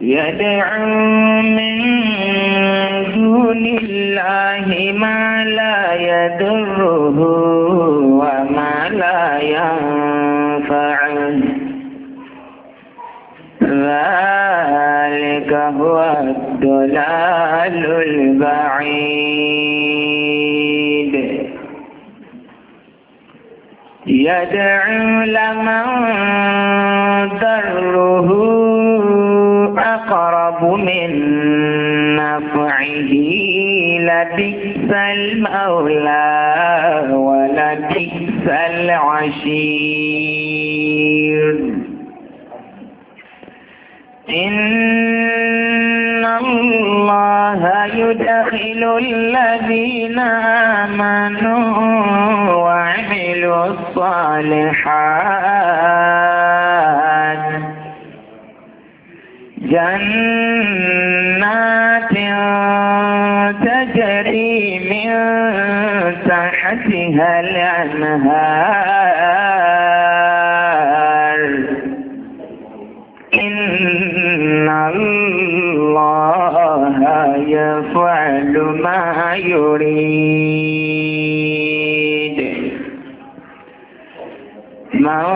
يدعو من دون الله ما لا يضره وما لا ينفعه ذلك هو الضلال البعيد يدعو لمن المولى ولبئس العشير إن الله يدخل الذين آمنوا وعملوا الصالحات جنات الأنهار إن الله يفعل ما يريد من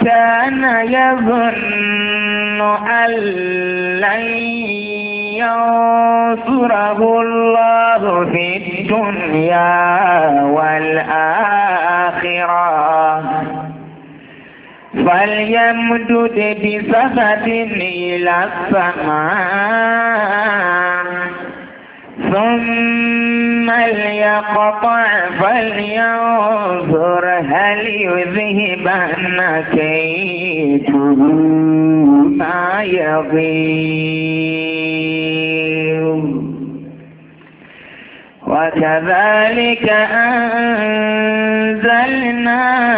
كان يظن أن لن ينصره الله في الدنيا والآخرة فليمدد بسخط إلى السماء ثم ليقطع فلينظر هل يذهبن كيده ما يغيب وكذلك أنزلنا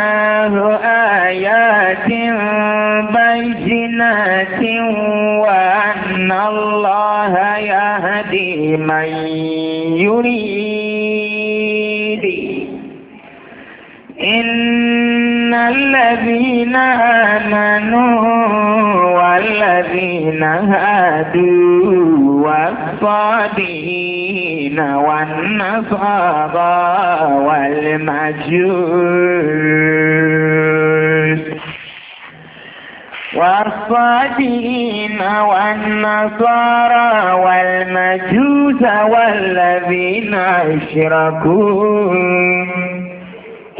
القديم والنصارى والمجوس والذين أشركوا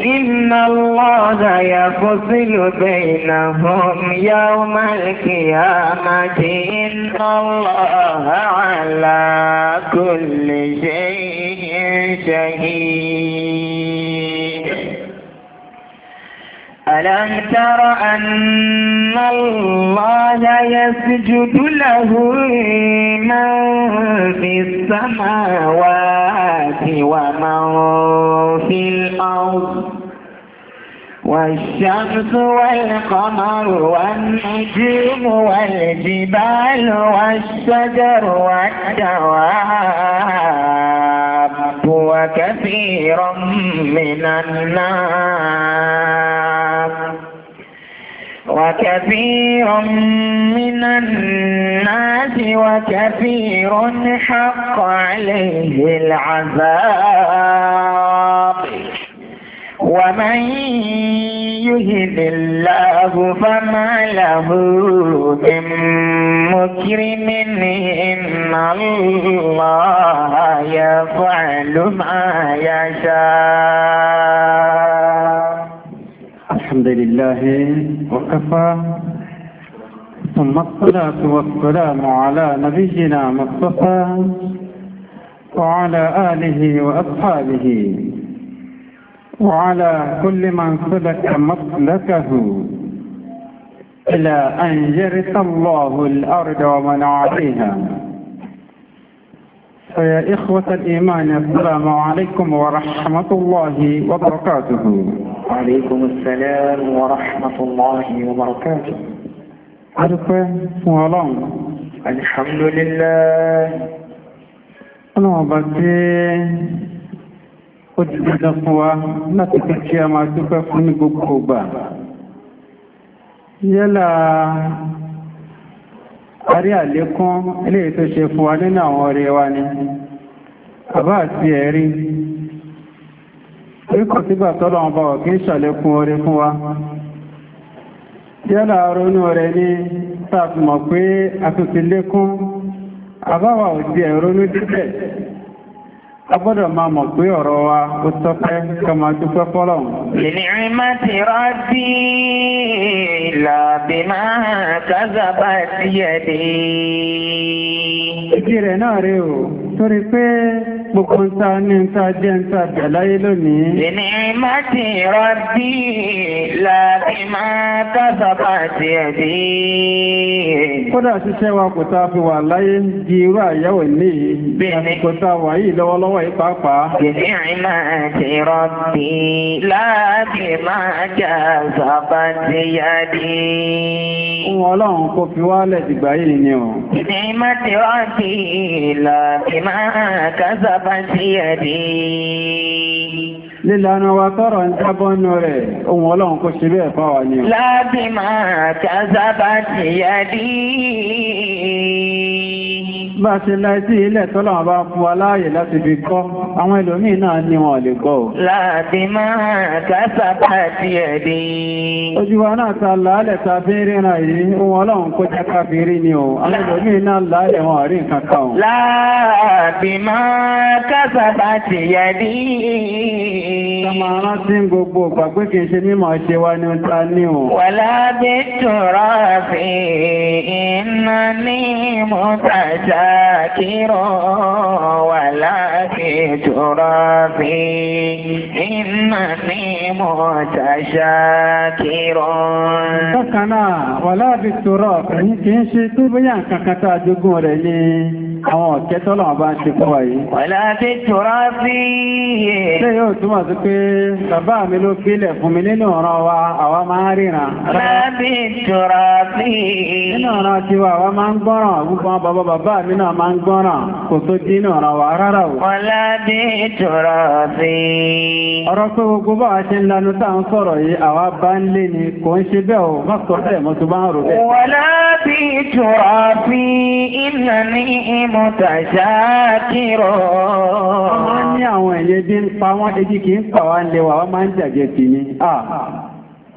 إن الله يفصل بينهم يوم القيامة إن الله على كل شيء شهيد ألم تر أن الله يسجد له من في السماوات ومن في الأرض والشمس والقمر والنجوم والجبال والشجر والدواب هو من الناس وكثير من الناس وكثير حق عليه العذاب ومن يهد الله فما له من مكرم إن الله يفعل ما يشاء الحمد لله وكفى ثم الصلاة والسلام على نبينا مصطفى وعلى آله وأصحابه وعلى كل من سلك مسلكه إلى أن يرث الله الأرض ومن عليها فيا إخوة الإيمان السلام عليكم ورحمة الله وبركاته وعليكم السلام ورحمة الله وبركاته أرفع ولم الحمد لله أنا نعم، ó ti dandan fún wa láti fi kí a máa dúpẹ́ fún ní gbogbo ọgbà yálà àrí àlékún ilé ètò ṣe fún wa nínú àwọn ọ̀rẹ́ wa ni àbá àti ẹ̀rí oríkọ̀ sígbà ni, ọba wà kí ń ṣàlékún fún wa yálà ronú rẹ̀ ní pé a lékún àbáwà òjì ẹ̀rónú a gbọ́dọ̀ máa mọ̀ pé ọ̀rọ̀ wa ó tọ́pẹ́ ká máa dúpẹ́ fọ́lọ́hun. ìnírí ti rántí ìlàbí máa kásábà sí ẹ̀dẹ́ ìdí rẹ̀ náà rẹ̀ o torí pé gbogbo ń ta ní ń ta jẹ́ ń ta bẹ̀ láyé lónìí. ìní má ti rọ́bí láti máa tábàbà ti ẹ̀dí. kódà ṣiṣẹ́ wa kò tá a fi wà láyé di irú àyẹ̀wò ní àsìkò tá wà yìí lọ́wọ́lọ́wọ́ yìí pàápàá. ìní má ti rọ́bí láti máa tábàbà ti ẹ̀dí. Fún ọlọ́run kò fi wálẹ̀ dìgbà yìí ni o. ìní má ti rọ́bí sabila bima kasabat yadi lílànà wa tọ́rọ ń jábọ́ nù rẹ̀ ohun ọlọ́run kò ṣe bẹ́ẹ̀ fáwà ní ọ. lábìmọ̀ kasabat yadi bá ṣe láìsí ilẹ̀ tọ́lọ̀ bá fún aláàyè láti fi kọ́ àwọn ìlòmí náà ní wọn lè kọ́ ò máa kásàbà ti ẹ̀dí ojúwa náà ta láàlẹ̀ ta fi ríran yìí ohun ọlọ́run kó jẹ́ káfí rí ni ò àwọn ìlòmí náà láàlẹ̀ wọn rí nǹkan kan bímọ kásábà ti yẹ dí. Sọmọ rántí gbogbo gbàgbé kìí ṣe mímọ̀ ṣe wá ní ọjọ́ ní o. Wàlá bí tòrọ fi iná ní mọ́tàṣà kírọ̀. Wàlá bí tòrọ fi iná ní mọ́tàṣà kírọ̀. Bákan náà, wàlá bí tòrọ ẹ̀yìn kìí ṣe tó bóyá nǹkan kan rẹ̀ ni. Àwọn ọ̀kẹ́ tọ́lọ̀ bá ń ṣe fún wa yìí. Wọ̀lá ti tùrọ́ sí iye. Ṣé yóò túmọ̀ sí pé bàbá mi ló fílẹ̀ fún mi nínú ọ̀ràn wa àwa máa ń ríran. Wọ̀lá ti tùrọ́ sí iye. Nínú ọ̀ràn tiwa àwa máa ń gbọ́ràn, gbogbo àwọn bàbá bàbá mi náà máa ń gbọ́ràn kò tó dín ní ọ̀ràn wa rárá o. Wọ̀lá ti tùrọ́ sí iye. Ọ̀rọ̀ pé gbogbo bá a ṣe ń lanu tá à ń sọ̀rọ̀ yìí àwa bá ń lé ni kò ń ṣe bẹ́ẹ̀ o, má sọ bẹ́ẹ̀ mo tún bá ń rò bẹ́ẹ̀. Wọ̀lá ti tùrọ́ sí ìlànà ìb mutashakiro. Ọmọ ní àwọn ẹ̀yẹ bí ń pa wọ́n ebi kì í pa wá ń lẹwà wọ́n máa ń jàjẹ́ tì ní.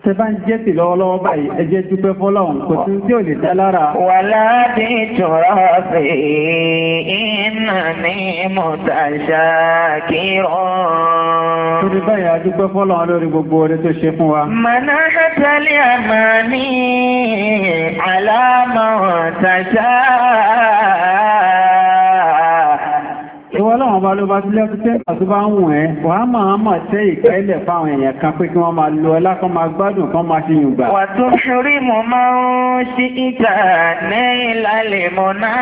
Ṣé bá ń jẹ́ tì lọ́wọ́lọ́wọ́ báyìí ẹjẹ́ dúpẹ́ fọ́lọ́hun kò tún tí ò lè dá lára. Wà láti ìtura sí ọlọ́run bá ló bá ti lẹ́kútẹ́ àti bá ń wọ̀n ẹ́ wà á máa mọ̀ tẹ́ ìkẹ́lẹ̀ fáwọn èèyàn kan pé kí wọ́n máa lo ọlá kan máa gbádùn kan máa ṣe yùngbà. wà tó ṣorí mo máa ń ṣí ìta ní ìlàlẹ̀ mọ̀ náà.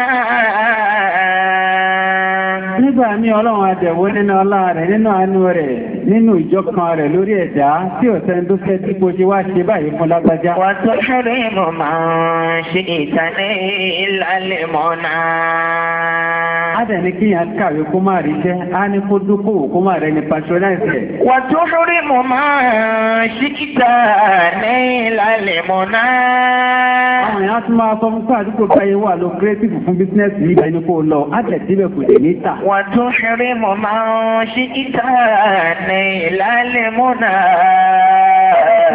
nígbà mí ọlọ́run adẹ̀wó nínú ọlá rẹ̀ nínú àánú rẹ̀ nínú ìjọkan rẹ̀ lórí ẹ̀dá tí ò sẹ́ni tó tí mo ṣe wá ṣe báyìí fún lágbájá. wà tó ṣorí mo máa ń ṣí ìta ní ìlàlẹ̀ mọ̀ náà ríṣẹ́ á ní kó dúkò kó má rẹ ní patronize ẹ̀. wà tó lórí mo máa ṣíkítà ní ìlàlẹ̀ mọ̀ náà. àwọn èèyàn tún máa sọ fún pé àdúgbò báyìí wà ló creative fún business yìí báyìí kó lọ á jẹ síbẹ̀ kò dé níta. wà tó lórí mo máa ṣíkítà ní ìlàlẹ̀ mọ̀ náà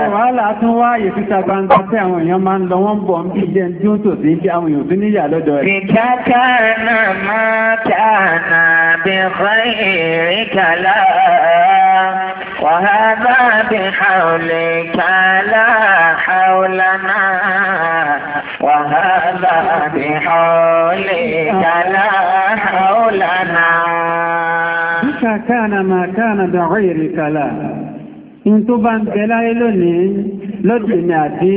wàhálà tún wá ààyè síta gbangba tí àwọn èèyàn máa ń lọ wọ́n bọ̀ ń bí jẹ́ tí ó tò sí bí àwọn èèyàn tún níyà lọ́dọ̀ rẹ̀. Ìjà kàánà máa kàánà bí khayri kalam, wa hadha bi hawlika la hawlana, wa hadha bi hawlika la hawlana. Ìjà kàánà máa kàánà bí khayri kalam in tó bá ń bẹ láyé lónìí lọ́dún ní àti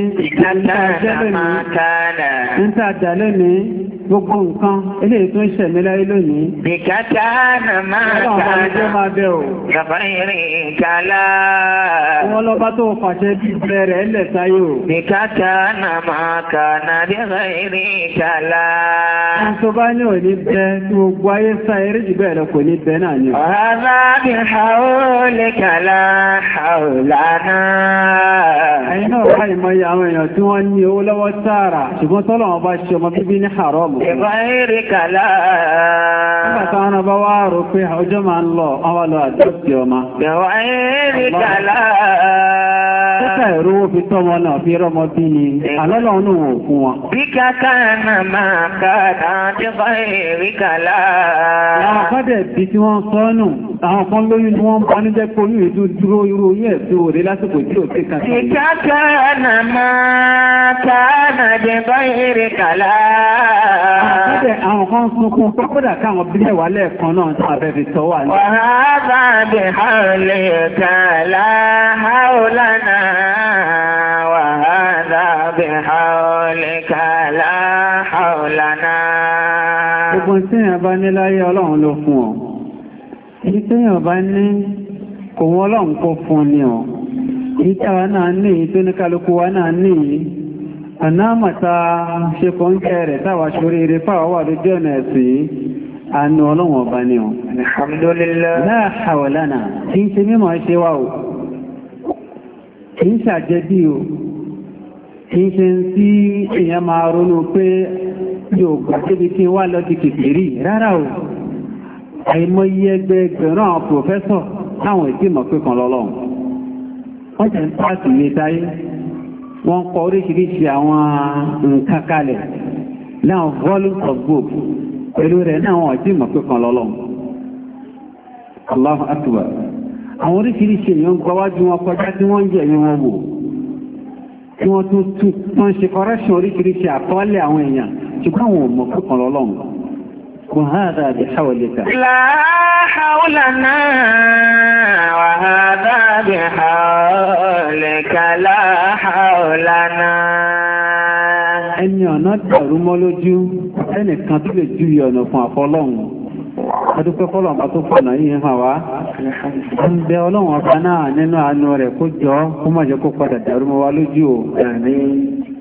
ìtàjà lónìí gbogbo nǹkan eléyìí tó ń ṣẹ̀mí láyé lónìí. Bìkátà nà máa kàánà ṣàfàyèrè ìkàlá. Wọ́n lọ́bá tó fàṣẹ bẹ̀rẹ̀ ẹlẹ̀ sáyé o. Bìkátà nà máa kàánà ṣàfàyèrè ìkàlá. Wọ́n tó bá ní òní bẹ gbogbo ayé sáyéré jù bẹ́ẹ̀ lọ kò ní bẹ náà ni. Ọ̀hánà bí haúlé kàlá haúlánà. Ẹyin Ìfàírí kàlá. Nígbàtà wọn bá wá rò pé ọjọ́ máa ń lọ, wọ́n wá lọ àdọ́sì ọmọ. Ìfàírí kàlá. Tẹ́tà ẹ̀rọ wo fi tọ́mọ náà fi rọ́mọ bí ni, àlọ́lọ́ ọ̀nà wò Àwọn kan lóyún ni wọ́n bá ní jẹ́ pé ìdú dúró irú oyún ẹ̀ tó lásìkò tí ò sí kan. Bí náà máa kàdá tí fàírí kàlá. Bẹ́ẹ̀ àwọn kan sunkún pọ́pọ́dà káwọn bílẹ̀ wà lẹ́ẹ̀kan náà tí a bẹ̀rẹ̀ tọ́ wà ní. Wàhálà bẹ̀ hàlẹ̀ kàlá hàólánà. Wàhálà bẹ̀ hàlẹ̀ kàlá hàólánà. Gbogbo tí èèyàn bá ní láyé ọlọ́run ló fún ọ. Èyí tí èèyàn bá ní kò wọ́n ọlọ́run kó fún ni ọ. Èyí náà ní èyí wa náà ní yìí ànámọ̀ta ṣe kò ń kẹ́ rẹ̀ táwà ṣorí eré fáwà wà lójú ọ̀nà ẹ̀sì àánú ọlọ́wọ̀n ọba ni ọ̀. alhamdulillah náà hawlana kì í ṣe mímọ̀ ṣe wà o kì í ṣàjẹ́bí o kì í ṣe tí èèyàn máa ronú pé yóò gbà débi kí wá lọ di kìkìrí rárá o àìmọye ẹgbẹ́ ẹgbẹ̀rún àwọn pòfẹ́sọ̀ táwọn ìdí ń pàṣẹ wọ́n kọ oríṣiríṣi àwọn nǹkan kalẹ̀ láwọn volume of book pẹ̀lú rẹ̀ náà wọ́n ti mọ̀ pé kan lọ́lọ́ Allahu Akbar àwọn oríṣiríṣi èèyàn gbọ́wájú wọn kọjá tí wọ́n ń jẹ̀ ní wọn wò tí wọ́n tún tún ṣe correction oríṣiríṣi àkọọ́lẹ̀ àwọn èèyàn ṣùgbọ́n àwọn ò mọ̀ pé kan lọ́lọ́run وهذا بحولك لا حولنا وهذا بحولك لا حولنا ẹni ọ̀nà dàrú mọ́ lójú ẹnìkan tó lè ju ìyọ̀nà fún àfọlọ́hun adúpẹ́ fọlọ́hun bá tó fọ̀nà yìí hàn wá ń bẹ ọlọ́run ọba náà nínú àánú rẹ̀ kó jọ kó má jẹ́ kó padà dàrú wa lójú o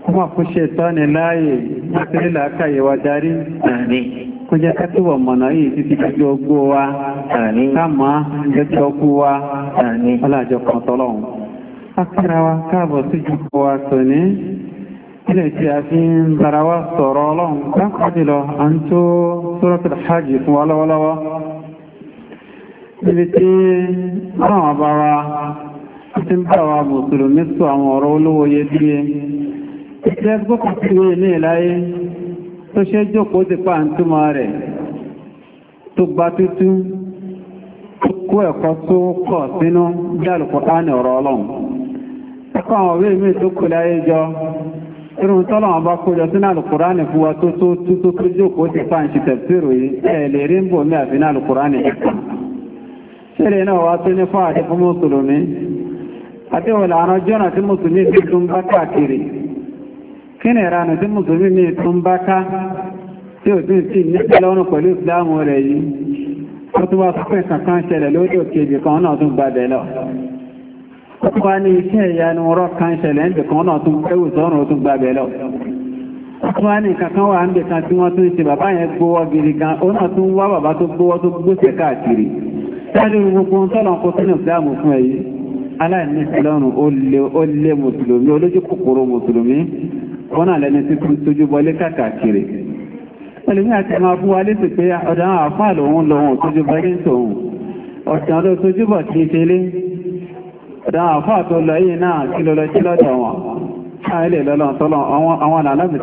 kó má kó ṣe tọ́ni láàyè nítorí làákàyè darí kó jẹ́ kẹ́tíwọ̀ mọ̀nà yìí títí kẹjọ ogbó wa káàmà kẹjọ ogbó wa ọlájọ kan tọ́lọ́hun akẹ́ra wa káàbọ̀ síjú kọ wa tò ní ilé tí a fi ń bára wa sọ̀rọ̀ ọlọ́run káàkọ́ jùlọ à ń tó suratul hajj fún wa lọ́wọ́lọ́wọ́ ibi tí ọlọ́run ọba wa ti ń bá wa mùsùlùmí sọ àwọn ọ̀rọ̀ olówó yẹ bí i ìtẹ́gbọ́kùn sí ilé ìláyé tó ṣe jókòó ti pa ń túmọ̀ rẹ̀ tó gba tútú kó ẹ̀kọ́ tó kọ̀ sínú jálùkù ánì ọ̀rọ̀ ọlọ́run ẹ̀kọ́ àwọn òwe mi tó kò láyé jọ irun tọ́lọ̀wọ̀n bá kójọ sínú alùkùránì fún wa tó tó tútó tó jókòó ti pa ń ṣe tẹ̀síìrò yìí ẹ̀ lè rí ń bò mí àfi ní alùkùránì ẹ̀kọ́ ṣẹlẹ̀ náà wá tó ní fún àti fún mùsùlùmí àti òlànà jọ́nà tí mùsùlùmí ti tún bá káàkiri kí ni ìranù tí mùsùlùmí mi tún bá ká tí ò tún sí nípa lọ́rùn pẹ̀lú ìsìláàmù rẹ̀ yìí ó tún wá pẹ́ kankan ṣẹlẹ̀ lórí òkè ibì kan náà tún gbàbẹ̀ lọ ó tún wá ní iṣẹ́ ìyanu rọ́ kan ṣẹlẹ̀ níbì kan náà tún pẹ́wù sọ́rùn ó tún gbàbẹ̀ lọ wá ní kankan wà ń bè kan tí wọ́n tún ṣe bàbá yẹn gbówọ́ gidi aláìní ìsìláàmù ó lé mùsùlùmí olójú kòkòrò mùsùlùmí wọn náà lẹni tí kún tójú bọlé káàkiri ẹlùmí àti ẹmà fún wa lẹ́sì pé ọ̀dà àwọn àfáà lòun lòun tójú bọlé ń tòun ọ̀sán ló tójú bọ̀ kí tẹ́lé ọ̀dà àwọn àfáà tó lọ yìí náà kí lọ lọ sí lọ́dọ̀ wọn àwọn ilé lọ́lọ́run tọ́lọ́ àwọn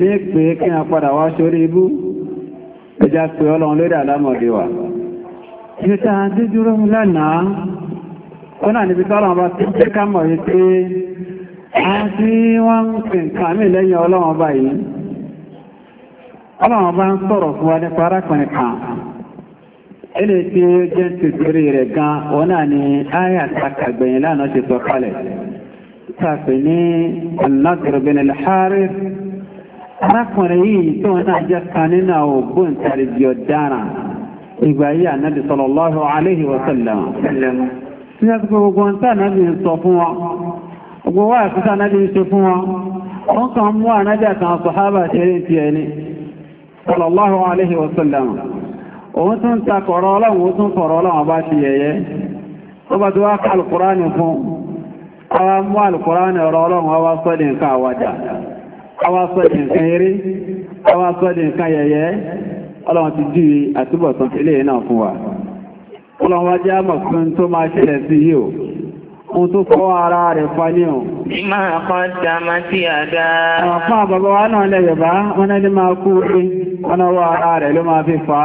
ní pé kí wọn padà wá sórí ibú ẹja pé ọlọ́run lórí àlámọ̀dé ibi tí a ń dé dúró lánàá ó náà níbi tọ́lọ̀ ọba tí ó ká mọ̀ yí pé a tí wọ́n ń pè nǹkan mí lẹ́yìn ọlọ́run ọba yìí ọlọ́run ọba ń sọ̀rọ̀ fún wa nípa arákùnrin kan ni áyà takàgbẹ̀yìn lánàá ti sọ kalẹ̀ tàbí ní ọ̀nàdìrò bin al arákùnrin yìí tó náà jẹ́ kan nínú àwọn ògbóǹtarìgì ọ̀daràn ìgbà ànábì sallallahu alayhi wa a ti pé gbogbo ọ̀n tí ànábì ń sọ fún wọn gbogbo wà tí ànábì ń ṣe sallallahu òun tún ta kọ̀rọ̀ ọlọ́run ó tún kọ̀rọ̀ ọlọ́run bá ti tó bá wá ká fún mú ọ̀rọ̀ ọlọ́run sọ́dì nǹkan sọ́dì ọlọ́run ti jí àtúbọ̀tán ilé náà fún wa ọlọ́run wá jẹ́ àmọ̀ fún tó máa ṣẹlẹ̀ sí yìí o ohun tó kọ́ ara rẹ̀ fa ní ọ̀ máa kọ́ dáma sí àdá àwọn fún àbàbà wa náà lẹ́yẹ̀ bá wọ́n náà lè máa kú rí wọ́n náà wá ara rẹ̀ ló máa fi fa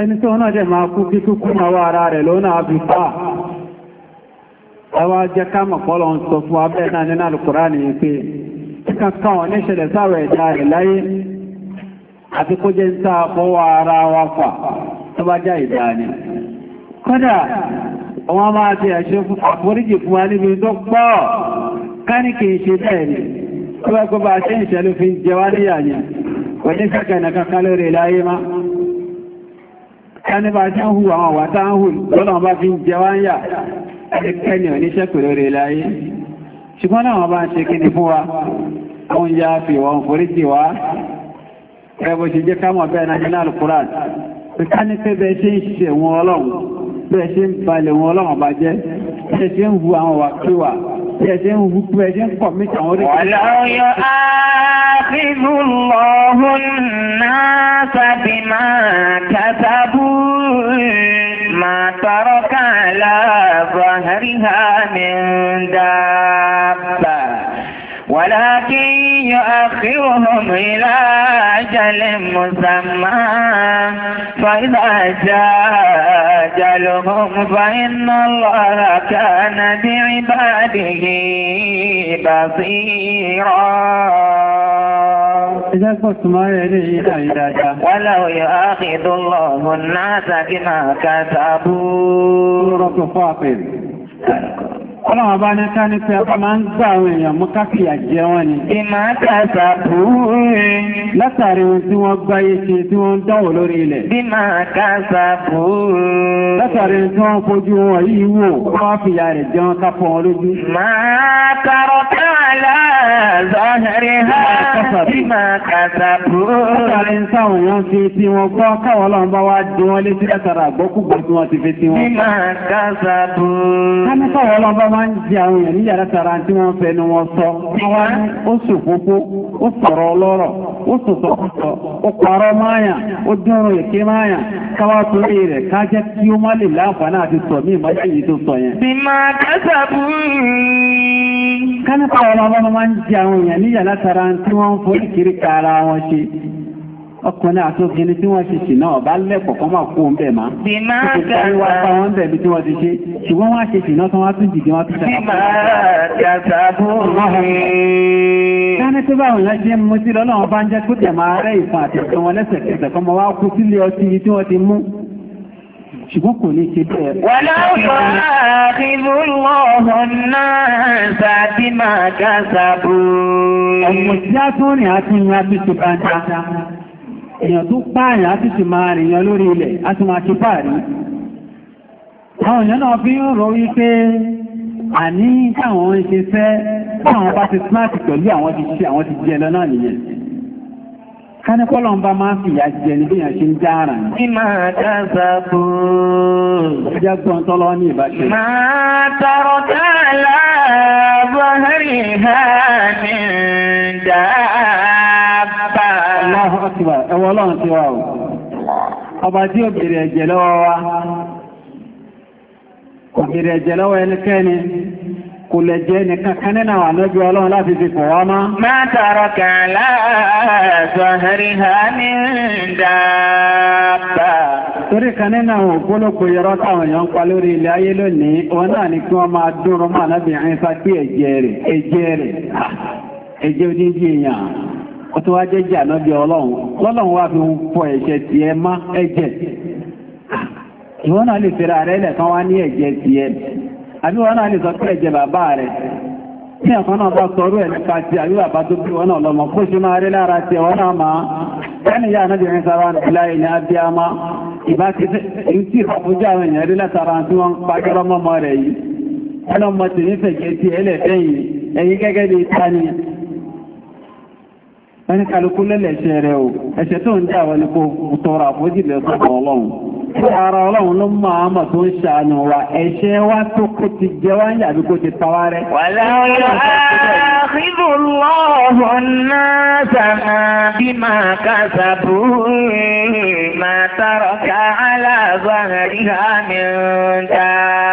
ẹni ẹwà jẹ́ ká pọ́lọ̀ ń sọ fún abẹ́ náà nínú Al-Kùránì pé kíkan ní ìṣẹ̀lẹ̀ sáwẹ̀ ẹ̀dá rẹ̀ láyé àti kó jẹ́ ń tá àfọwọ́ ara wa fà tó bá já ìdáni kódà wọ́n máa ti ẹ̀ṣẹ́ àforíjì fún wa níbi tó pọ̀ káni kìí ṣe bẹ́ẹ̀ni tó bá gbọ́bà ṣe ń ṣẹlú fi jẹ wá ní yànyà kò ní fẹ́kẹ̀ ẹ̀nà kankan lórí láyé má káni bá ṣe ń hù àwọn wà tá ń hù lọ́nà bá fi jẹ wá ń yà ẹ̀kẹ́ni ò ní ṣẹ́kù ṣùgbọ́n náà wọ́n bá ń ṣe kí ni fún wa oúnjẹ àfihàn foríjì wa ẹwọ ṣe jẹ́ kámọ̀ bẹ́ẹ̀ náà nílá alukuran ká ní pé bẹ́ẹ̀ ṣe ń ṣe wọn ọlọ́run bẹ́ẹ̀ ṣe ń balẹ̀ wọn ọlọ́run bá jẹ́ bẹ́ẹ̀ ṣe ń hu àwọn wàkíwà bẹ́ẹ̀ ṣe ń hu bẹ́ẹ̀ ṣe ń pọ̀ mí àwọn orí ما ترك على ولكن يؤخرهم إلى أجل مسمى فإذا جاء أجلهم فإن الله كان بعباده بصيرا ولو يؤاخذ الله الناس بما كسبوا سورة فاطر Ọlọ́run bá ní ká ní pé ọkọ̀ máa ń gbà àwọn èèyàn mú káfíà jẹ wọn ni. Ìmọ̀ àtàtà búrú látàrí ohun tí wọ́n gbáyé ṣe tí wọ́n ń dáwò lórí ilẹ̀. Bímọ̀ àkàṣà búrú. Látàrí ohun tí wọ́n fojú wọn yìí wò, wọ́n fi ìyà di wọn létí látara àgbọ́kùgbọ́ tí máa ń di àwọn èèyàn níyàrá tara tí wọ́n fẹnu wọn sọ wọ́n ó sòfófó ó sọ̀rọ̀ ọlọ́rọ̀ ó sòsọ̀ ó parọ́ máyà ó dúnrún èké máyà káwá torí rẹ̀ ká jẹ́ kí ó má lè láǹfààní àti sọ mí ìmọ̀já yìí tó sọ yẹn. bí máa dáṣà fún mi. kánípa ọlọ́mọ máa ń di àwọn èèyàn níyàrá tara tí wọ́n ń forí kára wọn ṣe ọkùnrin àti obìnrin tí wọ́n ti sì náà bá lẹ́kọ̀ọ́ kan máa kú oúnjẹ máa bí máa kẹta wá bá wọn bẹ̀bí tí wọ́n ti ṣe ṣùgbọ́n wọ́n ṣe sì náà tán wá tún jìdí wọ́n tún ṣe Dáni tó báwọn yẹn ṣe mú sí lọ́nà ọba ń jẹ́ kó tẹ̀ máa rẹ́ ìfún tí ṣùgbọ́n kò ní ṣe bẹ́ẹ̀. Wọ́lọ́pọ̀ àkíbú lọ́hùn náà sàbí máa kásàbù. Ọmọ ìyá tó rìn àti ìyá tó ṣe ń dá èèyàn tó pààyàn á sì ti máa rìnyàn lórí ilẹ̀ á ti máa ti pààrí àwọn èèyàn náà fi ń rọ wípé àní káwọn ṣe fẹ́ káwọn bá ti smart pẹ̀lú àwọn ti ṣe àwọn ti jẹ lọ náà nìyẹn kánípọ́lọ̀ ń bá máa fi ìyà jẹ ní bíyàn ṣe ń já ara ní. Kí máa dáza bò ó. gbọ́n tọ́lọ́ ní ìbáṣe. Máa tọrọ dáàlà bọ́hárì ha ní dáa. àkíbà ẹwọ ọlọ́run ti wà ò ọba tí ó bèèrè ẹ̀jẹ̀ lọ́wọ́ wa kò bèèrè ẹ̀jẹ̀ lọ́wọ́ ẹnikẹ́ni kò lè nìkan kan nínú àwọn ọlọ́run láti fi wọ́n mọ́. torí yọrọ táwọn èèyàn pa lórí ilẹ̀ ayé lónìí náà ni kí máa dúró sá pé rẹ̀ rẹ̀ ó tún wá jẹ́ jẹ́ ànábí ọlọ́run lọ́lọ́run wá fi ń pọ̀ ẹ̀ṣẹ̀ tí ẹ má ẹ̀jẹ̀ ìwọ́n náà lè fẹ́ra rẹ̀ lẹ̀kan wá ní ẹ̀jẹ̀ tí ẹ àbí wọ́n náà lè sọ pé ẹ̀jẹ̀ bàbá rẹ̀ ní ẹ̀kan náà bá sọ̀rọ̀ ẹ̀ nípa ti àbí bàbá tó bí wọn náà lọ́mọ kó ṣe máa rí lára ti ẹ̀wọ́n ẹni kálukú lẹ́lẹ̀ṣẹ̀ rẹ̀ o ẹ̀ṣẹ̀ tó ń dáwọ́ ní kó tọrọ àforíjì lẹ́sọ̀rọ̀ ọlọ́run ara ọlọ́run ló mọ àwọn tó ń ṣàánú wa ẹ̀ṣẹ̀ wa tó kó ti jẹ wá ń yàbí kó ti tawárẹ́. wàlẹ́ ọlọ́run يؤاخذ الله الناس بما كسبوا ما ترك على ظهرها من دابة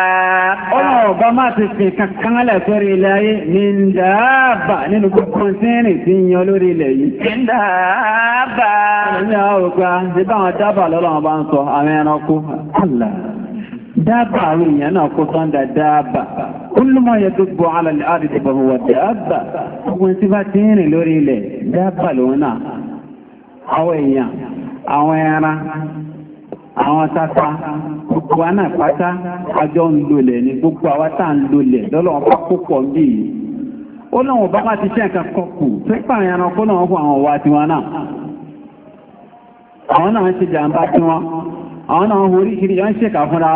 ọlọ́run ọba máa ti fi kankan lẹ́fẹ́rẹ́ ilẹ̀ ayé ní dáàbà nínú gbogbo sínrìn sí yan lórí ilẹ̀ yìí. ní dáàbà. ní àwọn òpá ti bá wọn dáàbà lọ́lọ́run bá ń sọ àwọn ẹranko. dáàbà àwọn èèyàn náà kó sọ́ndà dáàbà. كل ما يدب على الارض فهو دابة ti àwọn gbogbo pátá àjọ ń gbogbo àwa tá à ń lọ́lọ́wọ́ ó bá ti ṣe nǹkan kan kù pípa fún àwọn tiwọn náà àwọn náà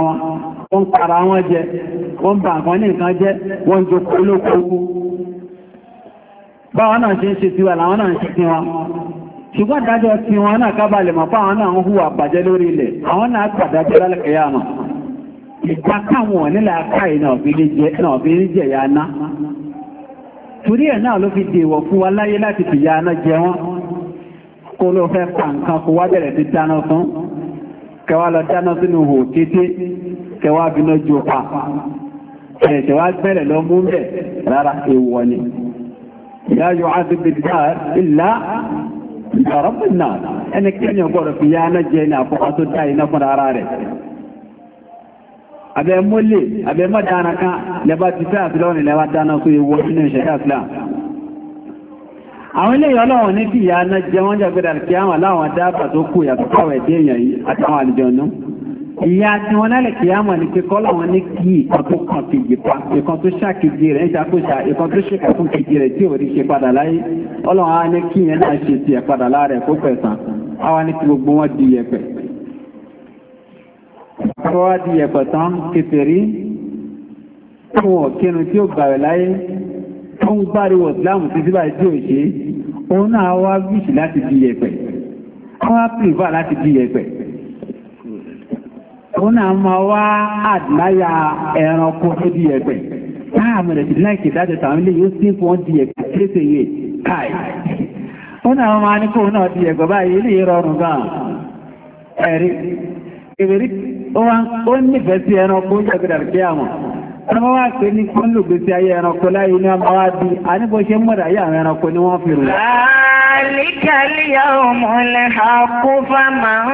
wọ́n para wọn jẹ wọ́n bá ní nǹkan jẹ́ wọ́n jòkó olókòókú báwọn náà ṣe ń ṣe tiwa làwọn náà ṣe wọn. ṣùgbọ́n dájọ́ tí wọn náà kábàlẹ̀ mọ̀ fáwọn náà ń hùwà lórí ilẹ̀ àwọn náà pàdájọ́ lálẹ́kẹ̀yàmọ̀ kẹwàá lọ dáná sínú hò kẹwàá bínú jù pa ẹ̀ṣẹ̀ wá bẹ̀rẹ̀ lọ mú bẹ̀ rárá èwọ̀ ni ìdájọ́ adébìdá ìlà ìjọ̀rọ̀bìnà ẹnikẹ́ni ọgbọ̀rọ̀ fi yá náà jẹ́ ní àkọ́kọ́ tó dá iná fún ara rẹ̀ abẹ́ mọ́lẹ̀ abẹ́ mọ́dára kan lẹ́bá ti fẹ́ àfilọ́rin lẹ́bá dáná tó ewu nínú ìṣẹ̀dá islam àwọn ilé ìyọ́lọ́wọ̀n ní kí ìyá náà jẹ́ wọ́n jẹ́ gbẹ́dà kí àwọn aláwọ̀n dábà tó kú yàtọ̀ ìyá tí wọn lálẹ́ kìí àmọ́ ní pé kọ́lá wọn ní kí ìkan tó kàn kejì pa ìkan tó ṣàkejì rẹ̀ ìṣàkóṣà ìkan tó ṣèkà fún kejì rẹ̀ tí ò rí ṣe padà láyé ọlọ́run á ní kí yẹn náà ṣe tiẹ̀ padà láàrẹ̀ kó pẹ̀sán á wá ní kí gbogbo wọn di yẹ̀pẹ̀. kọ́ wá di yẹ̀pẹ̀ tán kẹfẹ́rí tí wọn tí ó gbàwẹ̀ láyé tó ń gbáriwọ̀ títí báyìí tí ò ṣe òun náà wá wíṣì láti di yẹ̀pẹ̀ òun náà máa wá àdìláyà ẹranko tó di ẹ̀gbẹ̀ táàmù rẹ̀ ti láìkì tàwọn ilé yóò sí fún wọn di ẹ̀gbẹ̀ kéèsè yìí káì òun náà máa ní kóun náà di ẹ̀gbẹ̀ báyìí ilé rọrùn gan ẹ̀rí ìrírí ó nífẹ̀ẹ́ sí ẹranko ó jẹ́gbẹ̀rẹ̀ kí àwọn ọmọ wa pè ní kó ń lò gbèsè ayé ẹranko láyé ní ọmọ wa bí a ní bó ṣe ń mọ̀dà ayé àwọn ẹranko ni wọ́n fi rù. ذلك اليوم الحق فمن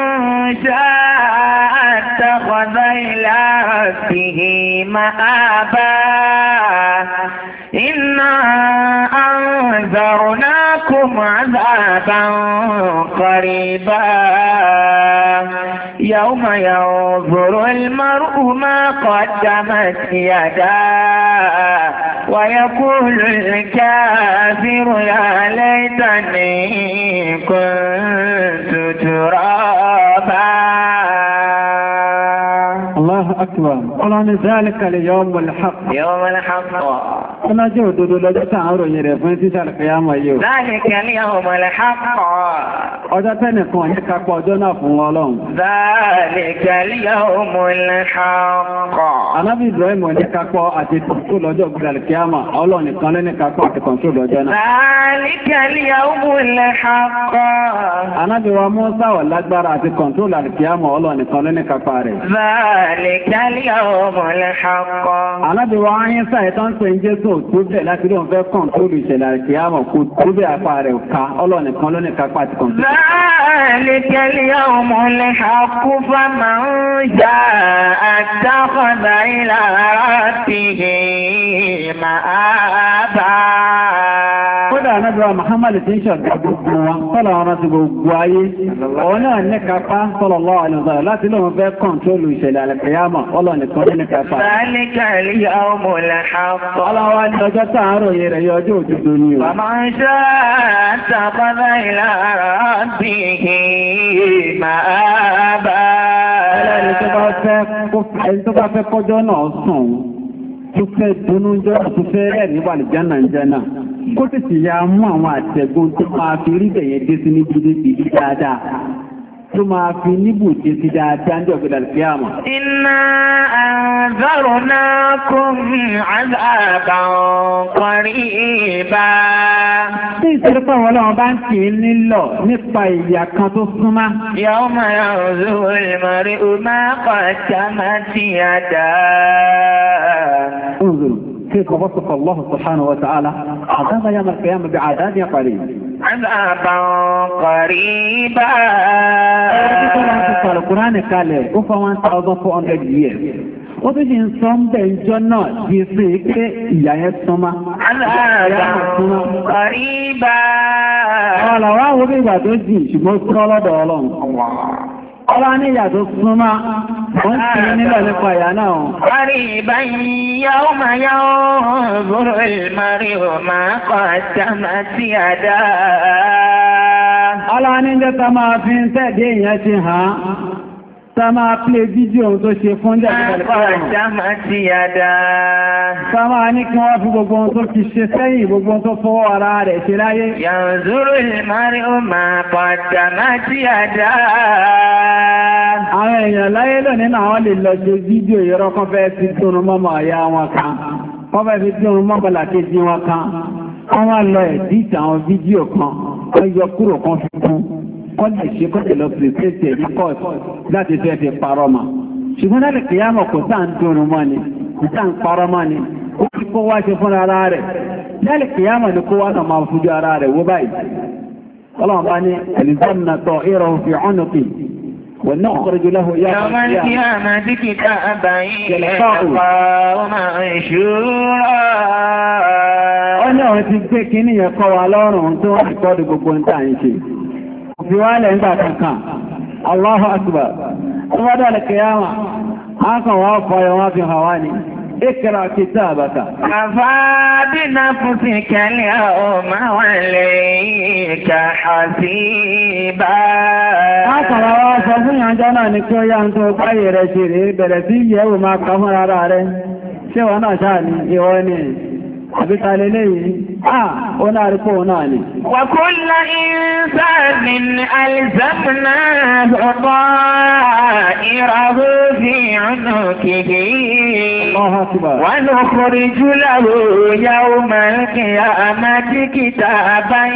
شاء اتخذ إلى ربه مآبا إنا أنذرناكم عذابا قريبا يوم ينظر المرء ما قدمت يداه ويقول الكافر يا ليتني كنت ترابا wà ọlọ́ni záàlìkàlẹ̀ yọ ọmọ lẹ́hàpá ọ̀nà jẹ́ òdòdó lọ́jọ́ tààrọ̀ yìí rẹ̀ fún títà lẹ́yàmọ̀ yóò záàlìkàlẹ̀ yọ ọmọ lẹ́hàpá ọjọ́ tẹ́nìkan ní kápọ̀ ọjọ́ náà fún ọlọ́run záàlìkàlẹ̀ yọ ọmọ lẹ́hàpá anábì Ibrahim ní kápọ̀ àti kọ̀ǹtò lọ́jọ́ gbìyànjẹ́mà ọlọ́run nìkan lẹ́ni kápọ̀ àti kọ̀ǹtò lọ́jọ́ náà záàlìkàlẹ̀ yọ ọmọ lẹ́hàpá anábì wa Mùsá lágbára àti kọ̀ǹtò lọ́jọ́ náà ọlọ́run nìkan lẹ́ni kápọ̀ rẹ̀ záàlìkàlẹ̀ yọ Alábíwá ayé sáyẹ̀ tán pè ń Jésù tó bẹ̀ láti lóun fẹ́ kàn tó lù ìṣẹ̀lẹ̀ àti àmọ̀ kò tó bẹ̀ apá rẹ̀ ká ọlọ́ọ̀nì kan lónìí kan. Báàlìkẹ́lì ànábà Muhammad ti ń ṣọ̀dá gbogbo wọn tọ́lọ̀ ọ̀rọ̀ ti gbogbo ayé ọ̀wọ́n náà ní àlùzọ̀rọ̀ láti lóun fẹ́ kọ̀ǹtólù ìṣẹ̀lẹ̀ àlẹ́kẹ̀yàmọ̀ ọlọ́nìkan ní tó bá fẹ́ kọjọ́ náà sùn tó fẹ́ dunú jọ tó fẹ́ rẹ̀ níwà lè jẹ́ náà jẹ́ náà kó tètè ya mú àwọn àtẹ̀gùn tó máa fi rí bẹ̀yẹn dé sí ní gbígbé dáadáa tó máa fi níbù jẹ́ sí dáadáa ní ọ̀gbẹ̀dà ìfíàmà. Iná àzọ́rò náà kún àzàkàn kọrí ìbá. Tí ìṣẹ́lẹ̀ pọ̀ wọ́n bá ń kì í الحقيقة وصف الله سبحانه وتعالى عذاب يوم القيامة بعذاب قريب عذابا قريبا القرآن قال over 1400 years ó tún ṣe ń sọ ń bẹ̀ ìjọ náà di sí pé ìyá yẹn súnmá. aláàbà kọ̀rí bá. ọ̀làwọ̀ àwọn ìgbà tó jìn ọwá ní ìyà tó súnmá wọ́n tí nílọ̀ nípa ìyà náà wárí ìbáyìí yáó ma yáó bóró ìmárí ò máa kọ́ àtàmà sí àdá ọlá ní jẹ́ta máa fi ń tẹ́ẹ̀dé ta máa plé fídíò ohun tó ṣe fún jẹ́ ta máa ní kí wọ́n fi gbogbo ohun tó fi ṣe sẹ́yìn gbogbo ohun tó fọwọ́ ara rẹ̀ ṣe láyé yanzuru ìmárí ó máa pàtà máa tí àdá àwọn èèyàn láyé lónìí náà wọ́n lè lọ ṣe fídíò ìrọ́kọ́ fẹ́ kọ́lẹ̀ ṣe kọ́lẹ̀ lọ pèsè ẹ̀rí kọ́ọ̀tù láti fẹ́ fi parọ́ ma ṣùgbọ́n láti kìyàmọ̀ kò sáà ń dùn mọ́ ni kò sáà ń parọ́ mọ́ ni ó ti kó wá ṣe fún ara rẹ̀ láti kìyàmọ̀ ni kó wá sọ máa fojú ara rẹ̀ wó báyìí ọlọ́run bá ní ẹ̀lìzọ́nà tọ ìrọ̀ fi ọ̀nà pè wọ́n náà kọ́rọ̀ lọ́hùn yá ọmọ ọ̀nà ti gbé kí kọ́ wa lọ́rùn tó wọ́n ti kọ́ fi wálẹ̀ nígbà kankan Allahu akbar tó bá dà lẹ́kẹ̀yàmà ákàn wá fọyọ wá fi hàn wá ní ikra kitabaka àfáàbí náà fún sí kẹlẹ̀ ọmọ wọn lè kà á sí bá ákàn wá sọ fún ìyànjọ́ náà ní kí ó yá àbíkalẹ̀ lẹ́yìn àà ó náà rí pọ̀ náà ni. Wa kulla insanin alzamna ta'irahu fi 'unuqihi. Wa nukhriju lahu yawmal qiyamati kitaban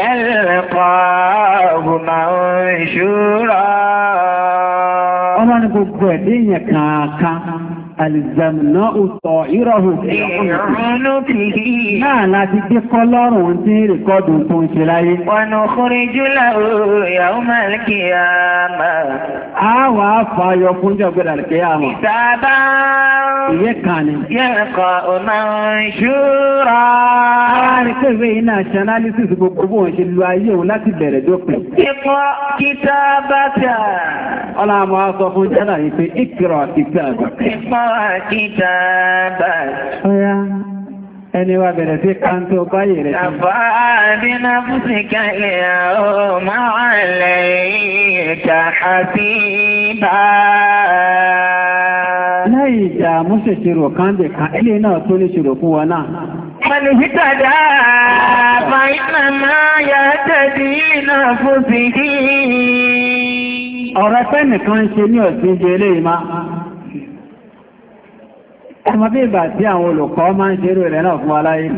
yalqahu manshura. Ọlọ́run gbogbo ẹ̀dẹ́ yẹn kàákan àlìzàmùná òtọ̀ ìrọ̀hùn náà láti gbé kọ́ lọ́rùn tí rìkọ́dù tó ń ṣe láyé. wọnà kúrí jùlọ ìyàwó máa ń kí a máa. a wà á fa ayọ fún jọgbẹ́ dàlùkẹ́ àmọ́. sábà ìwé kan ni. yẹ́nkọ̀ ọ̀nà ìṣúra. ara rí pé ẹni wa bẹ̀rẹ̀ sí káńtó báyìí rẹ̀ tí. Àfáàdínà fúsì kẹ́lẹ̀ ó máa lẹ̀ ìjà àti bá. Láì ìjà múṣèṣirò káńdé kan, ilé náà tó ní ṣirò fún wa náà. Mọ̀lì títà dáa, fàyínà máa yà tẹ̀dí náà ẹmọ bí ìgbà tí àwọn olùkọ́ máa ń ṣeré rẹ̀ náà fún aláyé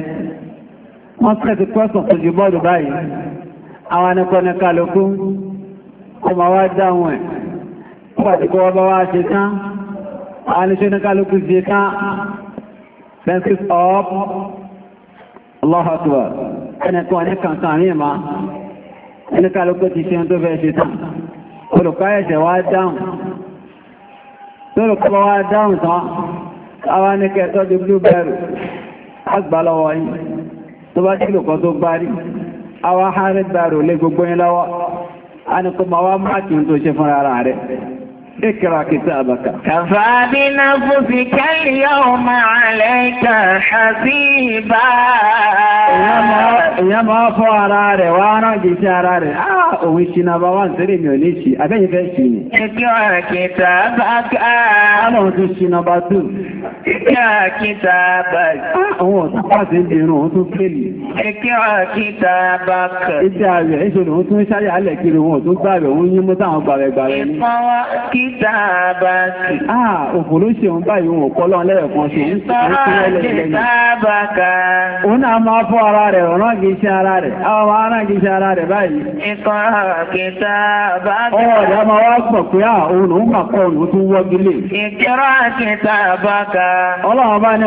wọ́n tẹ́tí pẹ́sùn tó ju bọ́ọ̀dù báyìí àwọn anìkọ́ni kálukú kó ma wá dáhùn ẹ̀ pàtí kọ́ bá wá ṣe tán anìṣẹ́ni kálukú ṣe tán fences up olùkọ́ ẹ̀ṣẹ̀ wá dáhùn tó olùkọ́ wá dáhùn tán àwọn anìkẹ́ tọ́jú blueberry agbálọ́wọ́ yìí tó bá tí lòkan tó bá rí àwọn harry barrow lé gbogbo yìí lọ́wọ́ a ma wá máàkì tó ṣe fún ara rẹ̀ اقرأ كتابك كفى بنفسك اليوم عليك حسيبا ìyá máa fọ́ ara rẹ̀ wá rán gẹ̀ẹ́sẹ̀ ara rẹ̀ ah òun ṣe na bá wá ń tẹ́rẹ̀ mi ò lè ṣe abẹ́yìn fẹ́ ṣe ni اقرأ كتابك ọlọ́run tún ṣe na bá ah, tún اقرأ كتابك àwọn ọ̀tún pàtẹ́ ń dẹ̀rùn òun tún fẹ́lì اقرأ كتابك ìṣẹ́ àwẹ̀ ìṣẹ́ òun tún ṣáyà alẹ̀ kiri wọn òun tún gbàrẹ̀ òun kìtàbàkì. Ah, òfò ló ṣe ń báyìí wọn kọ́ lọ́n lẹ́ẹ̀kan ṣe ń sọ fún ẹlẹ́lẹ́lẹ́. Ìtàbàkà. Òun náà máa fọ́ ara rẹ̀ ọ̀rán kì í ṣe ara rẹ̀. Àwọn máa rán kì í ṣe ara rẹ̀ báyìí. Ìkọ́ kìtàbàkà. Ọwọ́ ìyá máa wá pọ̀ pé à ah, òun òun mà kọ́ òun tún wọ́gilé. Ìkírọ́ kìtàbàkà. Ọlọ́run bá ní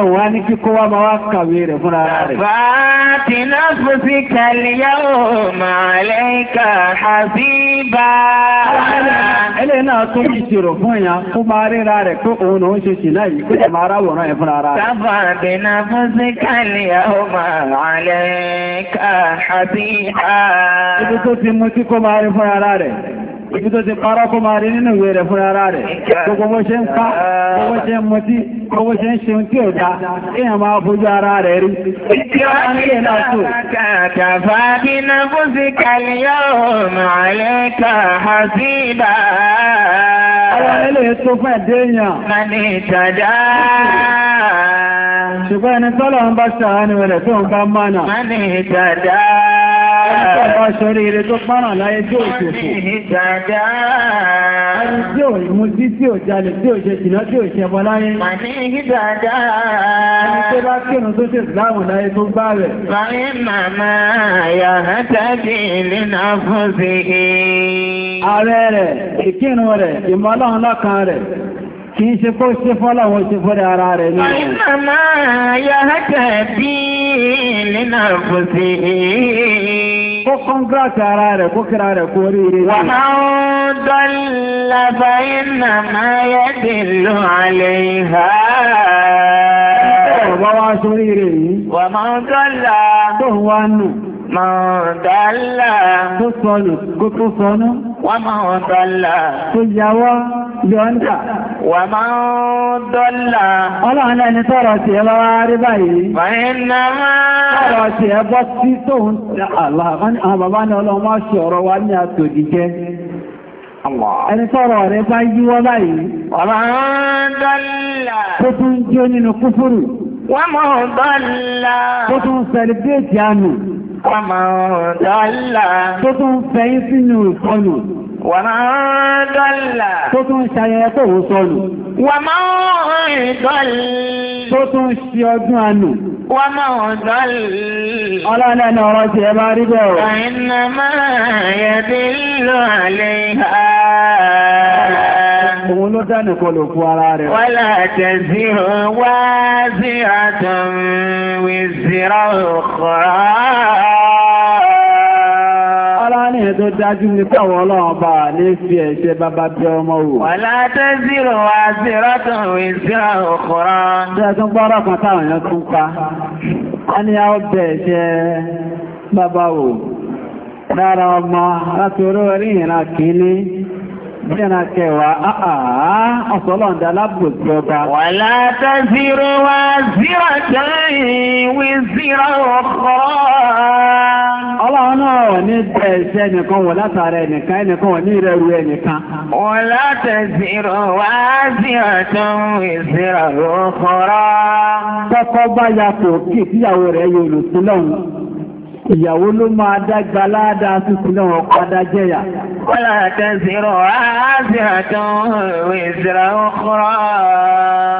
ṣèrò fún èèyàn kó máa ríra rẹ̀ pé òun òun ṣe ṣì náà yìí kó jẹ máa ráwòrán ẹ̀ fúnra rẹ̀. sábà bẹ̀nà fún sí káàlì àhọ́mà àlẹ́ ibi tó ti parọ́ kó máa rí nínú ìwé rẹ̀ fún ara rẹ̀ gbogbo ṣe ń pa gbogbo ṣe ń mọtí gbogbo ṣe ń ṣe ń tí ò dá èèyàn máa fojú ara rẹ̀ rí Ṣùgbọ́n ẹni tọ́lọ̀ ń bá ṣàánú rẹ̀ tó ń bá mánà. Mani ìtàdá. Ọba ṣorí ire tó páràn láyé tí ò ṣòfò. Ẹni tí ò mú sí tí ò jalè tí ò ṣe jìnà tí ò ṣe ẹbọ láyé. Ẹni tó bá kírun tó ṣe ìsìláàmù láyé tó gbá rẹ̀. Bàrí màmá yà hátàbí ìlínà Ààrẹ rẹ̀, ìkírun rẹ̀, ìmọ̀lọ́run lọ́kàn rẹ̀ kìí ṣe kó ṣe fọ́lá wọn ṣe fọ́lá ara rẹ̀ ní ọ̀rọ̀ kó kọ́ngrátì ara rẹ̀ kó kíra rẹ̀ kó rí rí rí. wọ́n máa ń dọ́lá báyìí nà máa yẹ dìlú àlè ìhà. ọ̀rọ̀ bá wá sórí rẹ̀ yìí. wọ́n máa ń dọ́lá. tóun wá nù. Mọ̀ọ̀dálà. Tó sọlù, kó tó sọnú. Wà mọ̀ọ̀dálà. Tó yàwọ́, yọ̀ǹdà. Wà mọ̀ọ̀dọ́là. Ọlọ́run ẹni tọ́rọ ti ẹ bá wá rí báyìí. Fàínà máa. Tọ́rọ ti ẹ bọ́ sí tóun. Àwọn bàbá ni ọlọ́run máa ṣe ọ̀rọ̀ wa ní àtòdìjẹ́. Ẹni tọ́rọ rẹ bá yíwọ́ báyìí. Wà mọ̀ọ̀dọ́là. Tó tún jó nínú kúfúrù. Wọ́n mọ̀ dọ́là. Tó tún sẹ̀lẹ̀bẹ̀ẹ́tì àánú. Wọ́n mọ̀ dọ́là. Tó tún fẹ̀yìn sínú ìkọlù. Wà máa dọ́là. Tó tún ṣayẹyẹ pé òun sọnù. Wà máa dọ́là. Tó tún ṣe ọdún ànù. Wà máa dọ́là. Ọlọ́lẹ́ ni ọ̀rọ̀ ti ẹ máa rí bẹ́ẹ̀ Àìnà máa yẹ bí lọ àlẹ́ Òun ló dá àárín ẹ̀ tó dájú ní káwọn ọlọ́run bá ní fi ẹ̀ṣẹ̀ bàbá bí ọmọ wò. wàlá tẹ́ zero wa zero tó ń zero òkúrọ́. bí ẹ tún gbọ́rọ̀ kan táwọn èèyàn tún pa a ní àwọn bẹ̀ ẹ̀ṣẹ̀ bàbá wò lára ọmọ láti orí ìrìnà kìíní Mẹ́ra kẹwàá, àà ọ̀sọ́lọ́ndà alábòsí ọba. Wà látà zírò wá zírò tẹ́yìn wí zírò ọkọ̀. Ọlọ́run náà wọ̀ ní ẹ̀ṣẹ́ ẹnìkan wọ̀ látàrẹ ẹnìkan, ẹnìkan wọ̀ ní ìrẹ̀rù ẹnìkan. Wà látà zírò rẹ̀ yóò ìyàwó ló máa dágbà ládàá tuntun náà wọ́n padà jẹ́yà. wọ́n àtẹ́sìrò àásìràtún ìsìrà ọkùnrin.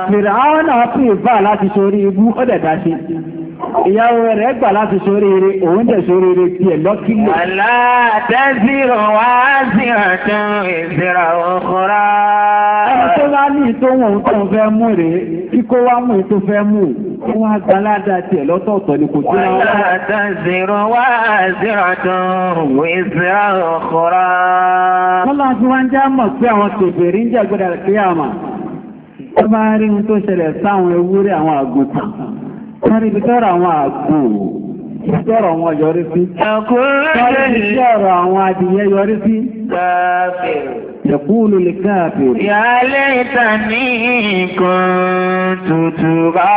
fìrà àwọn náà fún ìbá láti sorí ibú ó sí ìyàwó rẹ̀ gbà láti sóríire òun jẹ́ sóríire tí ẹ̀ lọ́kílò. aláàtẹ́sìrò wá sí ọ̀tún ìsìrà òkúra. ẹni tó bá ní ìtòhùn tó fẹ́ mú rèé kí wá mú ìtò fẹ́ mú kó wá gbalada tiẹ̀ lọ́tọ̀ọ̀tọ̀ ni kò tí ó bá rí ohun kárí bí tọ́rọ àwọn àgbò ìṣọ́rọ̀ wọn yọrí sí kárí bí tọ́rọ àwọn adìyẹ yọrí sí yẹ̀kúlù lè káàkiri ìyálé ìtàní kan tuntun bá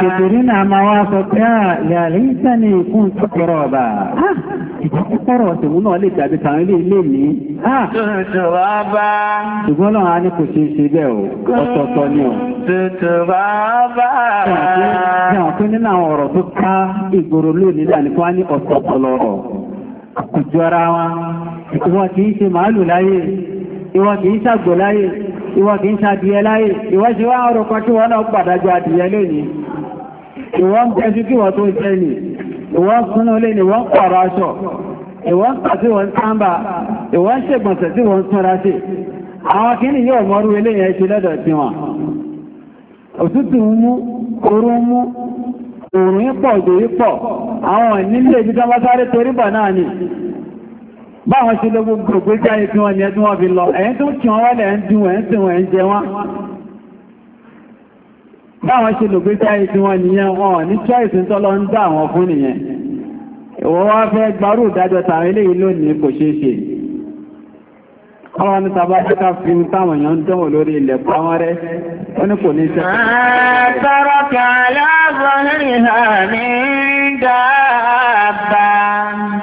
Kètèrí náà máa wá sọ pé à ah, yàrá ìsẹ́ni ìkún tó kọ̀rọ̀ ọ̀bà. Ah! Ìjọ́kú kọ̀rọ̀ náà lè dàbí tàwọn ilé ilé ah! ní kò ni o. Tòtò wá bá. Ṣé àwọn pín nínú àwọn ọ̀rọ̀ tó ká ìgboro lónìí lánìí kó wá ní ọ̀tọ̀ọ̀tọ̀ lọ̀rọ̀? Kò jọra wa. Ìwọ kì í ṣe màálù láyé. Ìwọ kì í ṣàgbò láyé. Ìwọ kì í ṣàdìyẹ láyé. Ìwọ ṣe wá ọ̀rọ̀ kan tí ìwọ́n jẹ́jú kí wọ́n tó jẹ́ ní ìwọ́n súnú lé ní wọ́n pààrọ̀ aṣọ ìwọ́n pàtí wọ́n sáàmbà ìwọ́n ṣègbọ̀nsẹ̀ tí wọ́n súnra sí àwọn kìíní yóò mọ́rú eléyẹn ṣe lọ́dọ̀ sí wọn òtútù ń mú orú ń mú òòrùn yípọ̀ òjò yípọ̀ àwọn nílé ibi tán bá sáré torí bọ̀ náà ni báwọn ṣe lọ gbogbo gbogbo jáyé tí wọ́n ni ẹ́ tí wọ́n fi lọ ẹ̀yìn tó kí wọ́n wálẹ̀ ẹ̀ ń dún ẹ̀ ń sìn wọ́n ẹ̀ ń jẹ wọ́n báwọn ṣe lò gbéṣẹ́ ayé tí wọ́n nìyẹn wọn ní choice tọ́lọ ń dá àwọn fún nìyẹn ìwọ́n wá fẹ́ gbarú ìdájọ́ tàwọn eléyìí lónìí kò ṣeé Àwọn ní tàbá tí ká fi táwọn èèyàn dánwò lórí ilẹ̀ pàwọn rẹ̀, ó ní kò ní ṣe. Àtàrà kààlá bọ̀lì àmì dáàbà.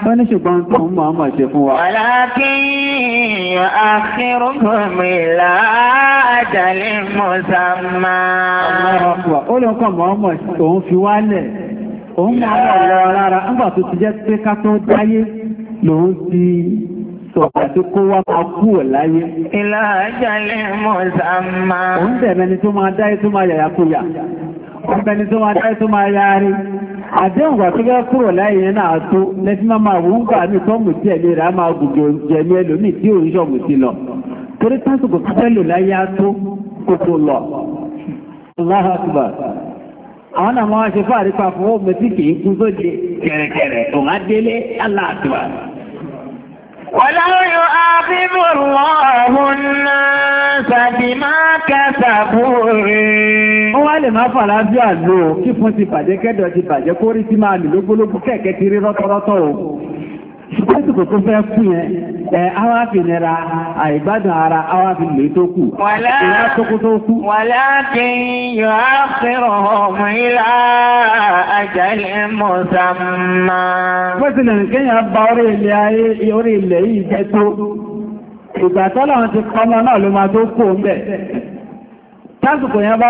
Ó ní ṣùgbọ́n tó ń mọ̀ ọmọ ṣe fún wa. Wàlákí àkírùkùnmìlá àjàlẹ̀ mọ̀sánmà. Ó lọ́kọ̀ mọ̀ ọmọ tó ń fi wálẹ̀, òun máa wà lọ rárá, ń bà tó ti jẹ́ pé ká tó dáyé lòun ti sọ̀tà tí kó wá máa kú ẹ̀ láyé. Ìlà àjálẹ̀ mọ̀sánmá. Ó ń tẹ̀lẹ̀ ni tó máa dáyé tó máa yàyà kó yà. Ó ń tó máa dáyé tó máa yà rí. Àdéhùn tó fẹ́ kúrò láyé yẹn náà tó lẹ́tí máa máa ń gbà ní tọ́mù tí rà máa tí ṣọ̀mù sí lọ. fún kú sóde kẹ̀rẹ̀kẹ̀rẹ̀ òun á délé ولو يؤاخذ الله الناس بما كسبوا wọ́n lè máa fàlá sí àlò kí fún ti bàjẹ́ kẹ́dọ̀ ti bàjẹ́ kó rí sí máa lè lógbólógbó kẹ̀kẹ́ ti rí rọ́tọ́rọ́tọ́ ṣùgbọ́n tí kò tó fẹ́ ẹ awa nira ara awa lè tó kù ìyá tókó tó kú. wàlá kí yọ a ọmọ ilá àjálẹ̀ mọ̀sánmá. bó nke ya bá orí ilẹ̀ ayé orí ilẹ̀ yìí jẹ́ tó ìgbà ti kọ́mọ náà ló máa tó kú tásìkò yẹn bá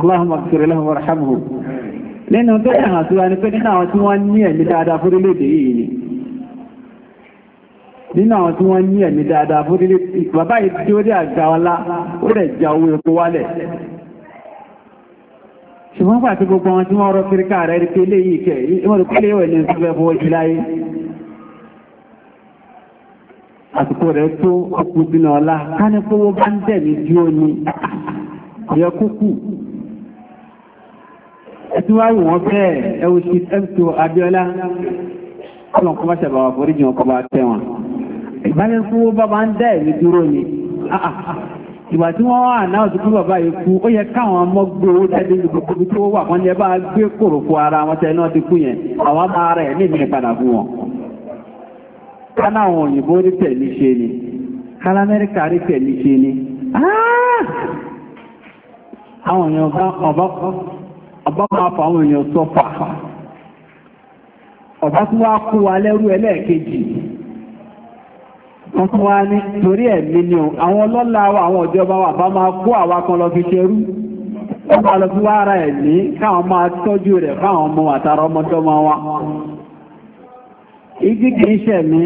Allahumma ighfir lahu warhamhu nínú tó ẹ̀hàn tó wá ní pé nínú àwọn tí wọ́n ní ẹ̀mí dáadáa fórílẹ̀-èdè yìí ni nínú àwọn tí wọ́n ní ẹ̀mí dáadáa fórílẹ̀-èdè bàbá yìí tí ó dé àgbà ọlá ó rẹ̀ já owó epo wálẹ̀ ṣùgbọ́n pàtí gbogbo wọn tí wọ́n rọ kíríkà rẹ̀ rí pé léyìí kẹ́ ìmọ̀lùkúlẹ̀ ìwẹ̀ ní ìsúnfẹ́ ń ẹ̀tún wá wọ́n bẹ́ẹ̀ ẹwù sí ẹ̀tù Abíọ́lá ọlọ́n kọ́ bá ṣẹ̀bà wà fọ́rí jìn ọkọ̀ bá tẹ̀ wọn ìbálẹ̀ fún ó bàbá ń dá ẹ̀mí dúró ni ah, ah, ah. ìgbà tí wọ́n wà náà tó kú bàbá yìí kú ó yẹ káwọn ọmọ gbòòrò tẹ́lẹ̀ ní gbogbo tó wà wọ́n yẹ bá gbé kòrò fún ara wọn tẹ́lẹ̀ náà ti kú yẹn àwọn bá ara ẹ̀ níbi ìpadà fún wọn kánà àwọn òyìnbó rí tẹ̀lé ṣe ni kánà Amẹ́ríkà rí tẹ̀lé ṣe ni àwọn èèyàn ọba ọba máa fa àwọn èèyàn sọ fàfà ọba tí wá kú wa lẹ́rú ẹlẹ́ẹ̀kejì wọ́n tó wá ní torí ẹ̀mí ni àwọn ọlọ́lá wa àwọn ìjọba wa bá máa kó àwọn kan lọ fi ṣerú ọba lọ fi wá ara ẹ̀mí káwọn máa tọ́jú rẹ̀ fáwọn ọmọ àtàrà ọmọdọ́mọ wa igi ṣẹ̀mí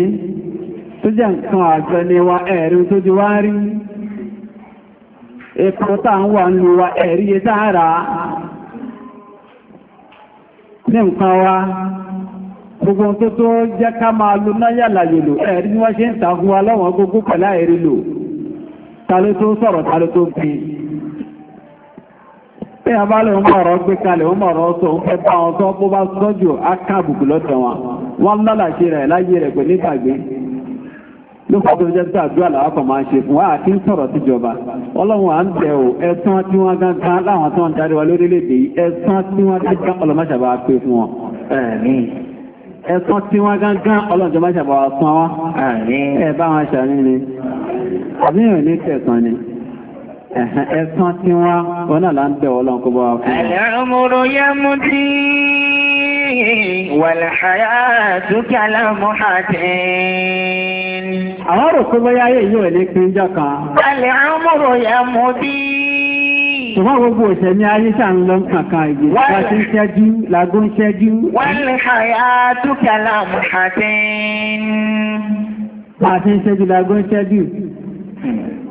tó jẹ́ nǹkan wa ẹ̀rí tó ti wa ẹ̀rí ní nǹkan wa gbogbo tó tó jẹ́ ká máa lo náyà láyé lò ẹ̀rí ni wọ́n ṣe ń tàkún wa lọ́wọ́n gbogbo pẹ̀lá ẹ̀rí lò tàlé tó sọ̀rọ̀ tàlé tó fi pé a bá lè ń mọ̀rọ̀ gbé kalẹ̀ ń mọ̀rọ̀ sọ ń fẹ́ lókùtò jẹ́ tí àdúrà làwákọ̀ máa ṣe fún wa àti ń sọ̀rọ̀ síjọba ọlọ́run à ń bẹ̀ ò ẹ̀san tí wọ́n gángan láwọn tó ń darí wa lórílẹ̀‐èdè yìí ẹ̀san tí wọ́n gángan ọlọ́mọṣàbà pé fún wọn. ẹ̀san tí wọ́n gángan ọlọ́mọṣàbà fún wa ẹ̀ bá wọn ṣàní ni àbíyàn ní tẹ̀sán ni ẹ̀san tí wọ́n wọn náà là ń bẹ̀ ọlọ́run kó bá wa fún wọn. والحياة كالمحتين àwọn rò pé bóyá ayé yóò kan. Bẹ́ẹ̀ni àwọn yẹ mú bí. Ṣùgbọ́n gbogbo òṣèlú ayé ṣà ń lọ kankan ìgbè bá ti ń ṣẹ́jú lágó ń ṣẹ́jú. Wọ́n lè ṣàyà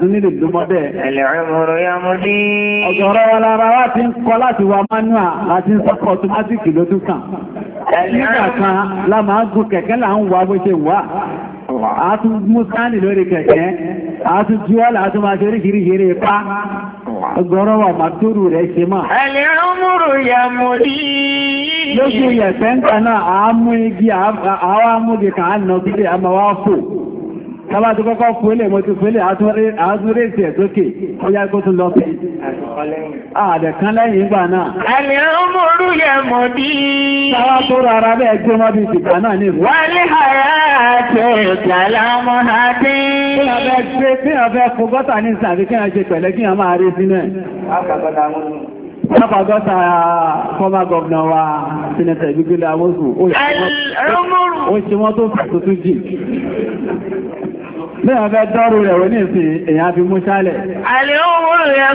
tún nílò ìdúmọ́ bẹ́ẹ̀. ẹ̀lẹ̀ ìmúrò ya mú sí. ọ̀gọ̀rọ̀ wọn lára wá ti ń kọ́ láti wa manual láti ń sọ́kọ̀ ọtọmátìkì lótú kan. nígbà kan la máa ń gun kẹ̀kẹ́ là ń wá bó ṣe wà. a tún mú sáàlì lórí kẹ̀kẹ́ a máa ṣe oríṣiríṣi pa. ọ̀gọ̀rọ̀ wa máa tóru rẹ̀ ṣe mọ́. ẹ̀lẹ̀ ìmúrò ya mú sí. lójú yẹ̀fẹ́ ń kan tàbá ti kọ́kọ́ fúnlẹ̀ mo ti fúnlẹ̀ àtúrétì ẹ̀ tókè ó yá kó tún lọ àdẹ̀kan lẹ́yìn ìgbà náà ẹ̀lẹ́ ọmọ yẹ mọ̀ bí tàbá tó rọ ara bẹ́ẹ̀ tí ó mọ́ bí ìsìnkà náà ní ìwọ̀n wà ní àyà àti wa sínẹ̀tẹ̀ gbígbílẹ̀ awóṣù ó ṣe wọ́n tó fẹ́ tó tún jì. Ní ọ̀fẹ́ dọ́rù rẹ̀ wọ́n ní ìsìn èyàn fi mú ṣálẹ̀. Àlẹ́ òun rẹ̀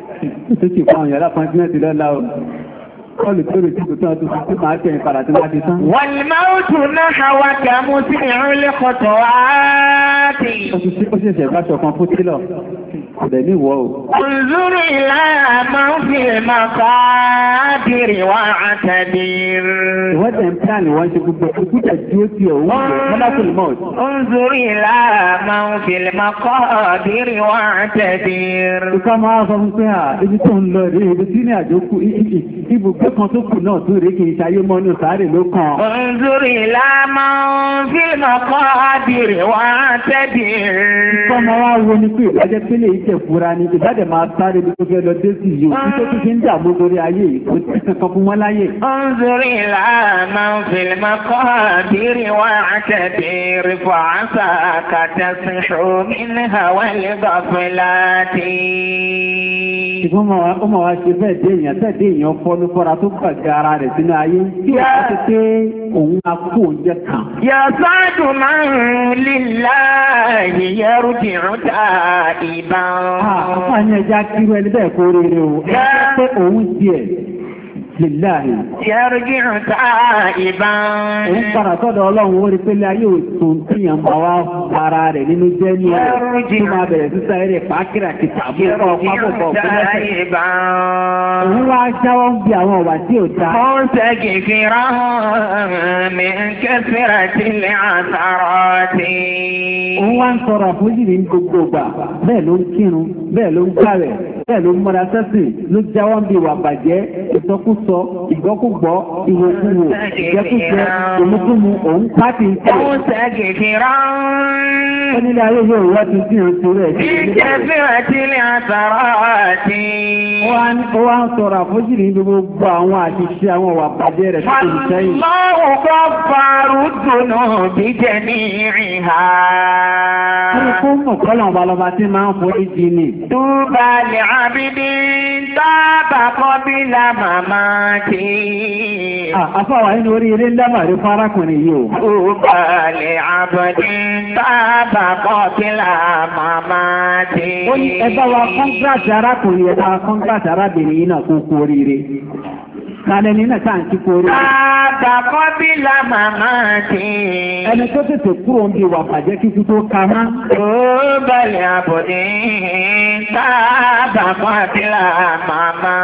tó ti fún àwọn yàrá pàtímẹ́tì lọ́la o Kọ́lù tó rètí tó tán tó fi tí máa tẹ̀yìn padà tí máa ti tán. Wọ́n máa ó tún náà hawa kàmú sí ìrún lẹ́kọ̀tọ̀ áàtì. Ó ti sí ó sì ṣẹ̀ báṣọ kan fún tílọ̀. Kò dẹ̀ ní ìwọ o. Òzúrù ìlà máa ń fi máa kọ́ ábìrì wá àtàdé. Ìwọ́dẹ̀ ń plan wọ́n ṣe gbogbo ìgbúdà tí ó ti ọ̀hún lọ mọ́lákùn mọ́. Òzúrù ìlà máa ń fi máa kọ́ ábìrì wá àtàdé. Ìkọ́ máa sọ fún pé à, ibi tó ń lọ rí ibi tí ní àjókù ibùg kan tó kù náà tún rèé kì í ṣayé mọ́ inú sáré ló kàn. òǹzùrì lámọ́ fíìmọ̀ kọ́ adìrì wá tẹ́bì. ìfọ́mọ wa wo ni pé ìbàjẹ́ pélé ìjẹ̀fura ni ìbàdàn máa sáré ní gbogbo ẹlọ dé sí yìí òkú tó fi ń dààmú lórí ayé ìkó tí kankan fún wọn láyè. òǹzùrì lámọ́ fíìmọ̀ kọ́ adìrì wá tẹ́bì rìfọ̀ àṣà kàtẹ́sì ṣòmìnì hàwẹ́lì gọ́fìlá ti. ìfọ́mọ wa ó máa tún pàdé ara rẹ̀ sínú ayé tí a ti pé òun máa kó oúnjẹ kan. yasadu máa ń lílá yẹrù dìrún ta ìbọn. Ah, àfààní ẹja kiri ẹni bẹ́ẹ̀ kó rere o. ẹ pé òun tiẹ̀. Lèláàrí. Yẹ́rùgí ìrùta ìbán. Ó ń padà sọ́dọ̀ ọlọ́run ó rí pé láyé òtún tí yàn bá wá ara rẹ̀ nínú jẹ́ ní ọ̀rọ̀. Yẹ́rùgí ìrùta ìbán. Ó máa bẹ̀rẹ̀ sísá ẹ̀rẹ̀ pàákìrà ti tàbí ọ̀pọ̀ pápọ̀pọ̀ fúnlẹ̀. Òun wá jáwọ́ ń bi àwọn ọ̀wà tí ò ta. Ó ń tẹ́gì fi ráhùn mi kẹ́sìrà ti lè àtàrọ̀ ti. Òun wá ń sọ̀rọ̀ àfojì ní gbogbo ìgbà. Bẹ́ẹ̀ ló ń kírun, bẹ́ẹ̀ ló ń kárẹ̀, bẹ́ẹ̀ ló ń mọ́ra sẹ́sìn, ló jáwọ́ ń bi ìwà bàjẹ́, ìsọkúsọ ìsọkúsọ ìgbọ́kúgbọ́ ìwòkúwò ìjẹkújẹ òmùkúmu òun pátì ń tẹ̀. òun tẹ̀ kìkì rán. ó ní ayé yóò wá ti sí oṣù rẹ̀. ìjẹ́ sí àti ilé àtàrà àti. ó wá ń sọ̀rọ̀ àfojì ní gbogbo àwọn àṣìṣe àwọn ìwà bàjẹ́ rẹ̀ tó ti sẹ́yìn. ọlọ́run kọ́ farú kí. Àfáwà inú orí ilé lábàrí fárákùnrin yìí o. Bùbọ̀lì àbọ̀dé bàbá kọ́kílà màmá dé. Ó ní ẹgbẹ́ wa kọ́ńgbàtì arákùnrin ẹ̀ta kọ́ńgbàtì arábìnrin yìí náà kó kú oríire. Kàlẹ̀ ní náà sáà kóró. Àdàkọ́ màmá ti. Ẹni tó tètè kúrò ń bi wà bàjẹ́ tó ka mọ́. Ó balẹ̀ àbòdì tàbàkọ́ màmá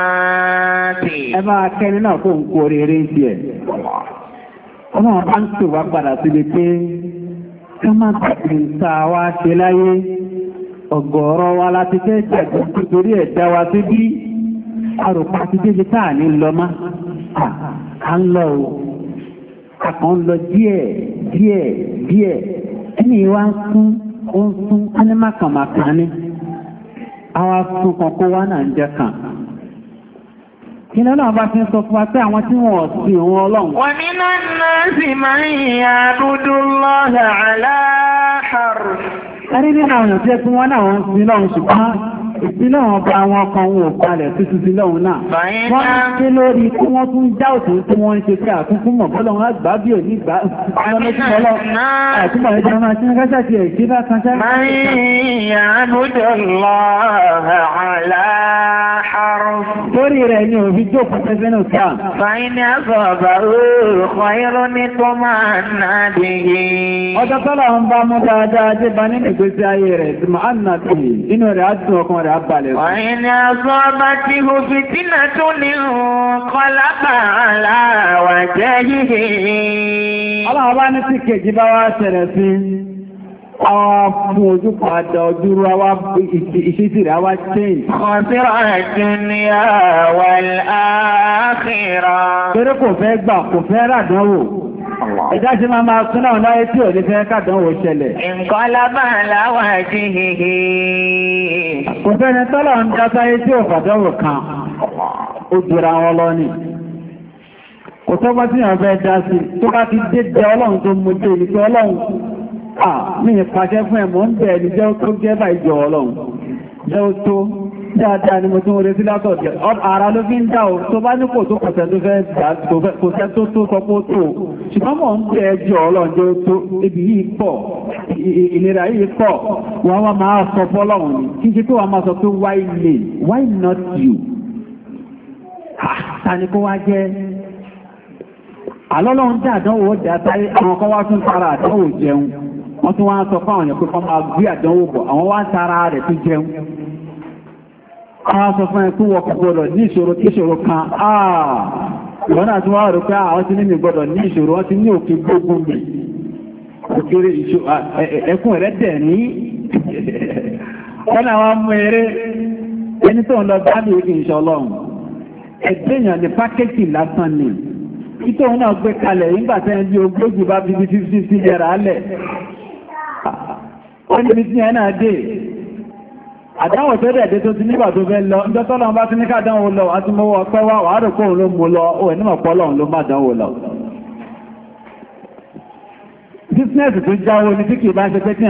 ti. Ẹ máa kẹ́ni náà fún nǹkó rere díẹ̀. Ọmọ bá ń tò wá padà síbi pé ká má ta wá ṣe láyé. Ọ̀gọ̀ọ̀rọ̀ wa láti fẹ́ nítorí ẹ̀dá wa síbí. àròpá ti débi táà ní lọ má à ń lọ o àkàn lọ díẹ̀ díẹ̀ díẹ̀ ẹni wa ń sún ó ń sún sún kan kó wá náà ń kàn bá fi ń sọ fún wa pé àwọn tí wọ́n ọlọ́run. wọ́n náà sì máa ń aláhàrù. ẹni nínú àwọn tí wọn náà wọ́n ṣùgbọ́n ìpínlẹ̀ wọn bá wọn kan wọn palẹ̀ tuntun sí lọ́hun náà wọ́n ń ké lórí kí wọ́n tún já òtún tí wọ́n ń ṣe pé àkúkú mọ̀ bọ́lọ̀ àgbà bí ò ní ìgbà ọjọ́ tọ́lá ń bá mú dáadáa dé bá nínú ìgbésí ayé rẹ̀ tí máa nà dìgì nínú rẹ̀ á dùn ọkàn padà balẹ̀ sí. ọ̀yìn ni aṣọ bá ti hu fìtínà tó ní kọlábà aláwàjẹ́ yìí. ọlọ́run bá ní tí kejì bá wá ṣẹlẹ̀ sí i. Ọ̀pùn ojú padà ojú ra wá ìṣísì rẹ̀ wá change. Ọ̀tíra ẹ̀tì ni àwọ̀ àkìrà. Pẹ́rẹ́ kò fẹ́ gbà kò fẹ́ ràdánwò. Ẹjá ṣe máa máa súnà láyé tí ò ní fẹ́ kàdánwò ṣẹlẹ̀. Nǹkan lábà láwà Kò fẹ́ni tọ́lọ̀ ń dátáyé tí ò Ah, mi ń pàṣẹ fún ẹ̀mọ́ ń bẹ̀ẹ̀ ní jẹ́ tó jẹ́ bá ìjọ ọlọ́run jẹ́ tó dáadáa ni mo tún orí sí jẹ́ ara ló fi ń dá o tó bá ní kò tó kò tẹ́tó fẹ́ dá kò tẹ́tó tó sọpó tó ṣùgbọ́n mọ̀ ń bẹ̀ẹ́ jọ ọlọ́run jẹ́ tó ibi yìí pọ̀ ìlera yìí pọ̀ wọ́n wá máa sọ fọ́lọ́run ni why me why not you tani kó wá jẹ́ àlọ́lọ́run dáadánwò dáadáa àwọn kan wá tún fara àdánwò jẹun wọ́n tún wọ́n sọ fáwọn èèyàn pé kọ́ àdánwò bọ̀ àwọn wá tara rẹ̀ tó jẹun fún ẹkú wọ́n gbọ́dọ̀ ní ìṣòro kí ṣòro kan àà ah! ah, wọ́n rẹ̀ pé àwọn ti ní mi ní ìṣòro àwọn ah, náà gbé kalẹ̀ ẹni ogójì bá wọ́n níbi tí ẹ̀ náà dé àdáwò tó dẹ̀ dé tó ti nígbà tó fẹ́ lọ ǹjọ́ tọ́lọ́n bá ti ní káàdánwò lọ àti mọ́wọ́ ọpẹ́ wá wà rò kóhùn ló mú lọ ó ẹ̀nímọ̀ pọ́lọ́n ló má dánwò lọ bísínẹ́sì tó jáwó ní tí kìí bá ṣe ṣe ni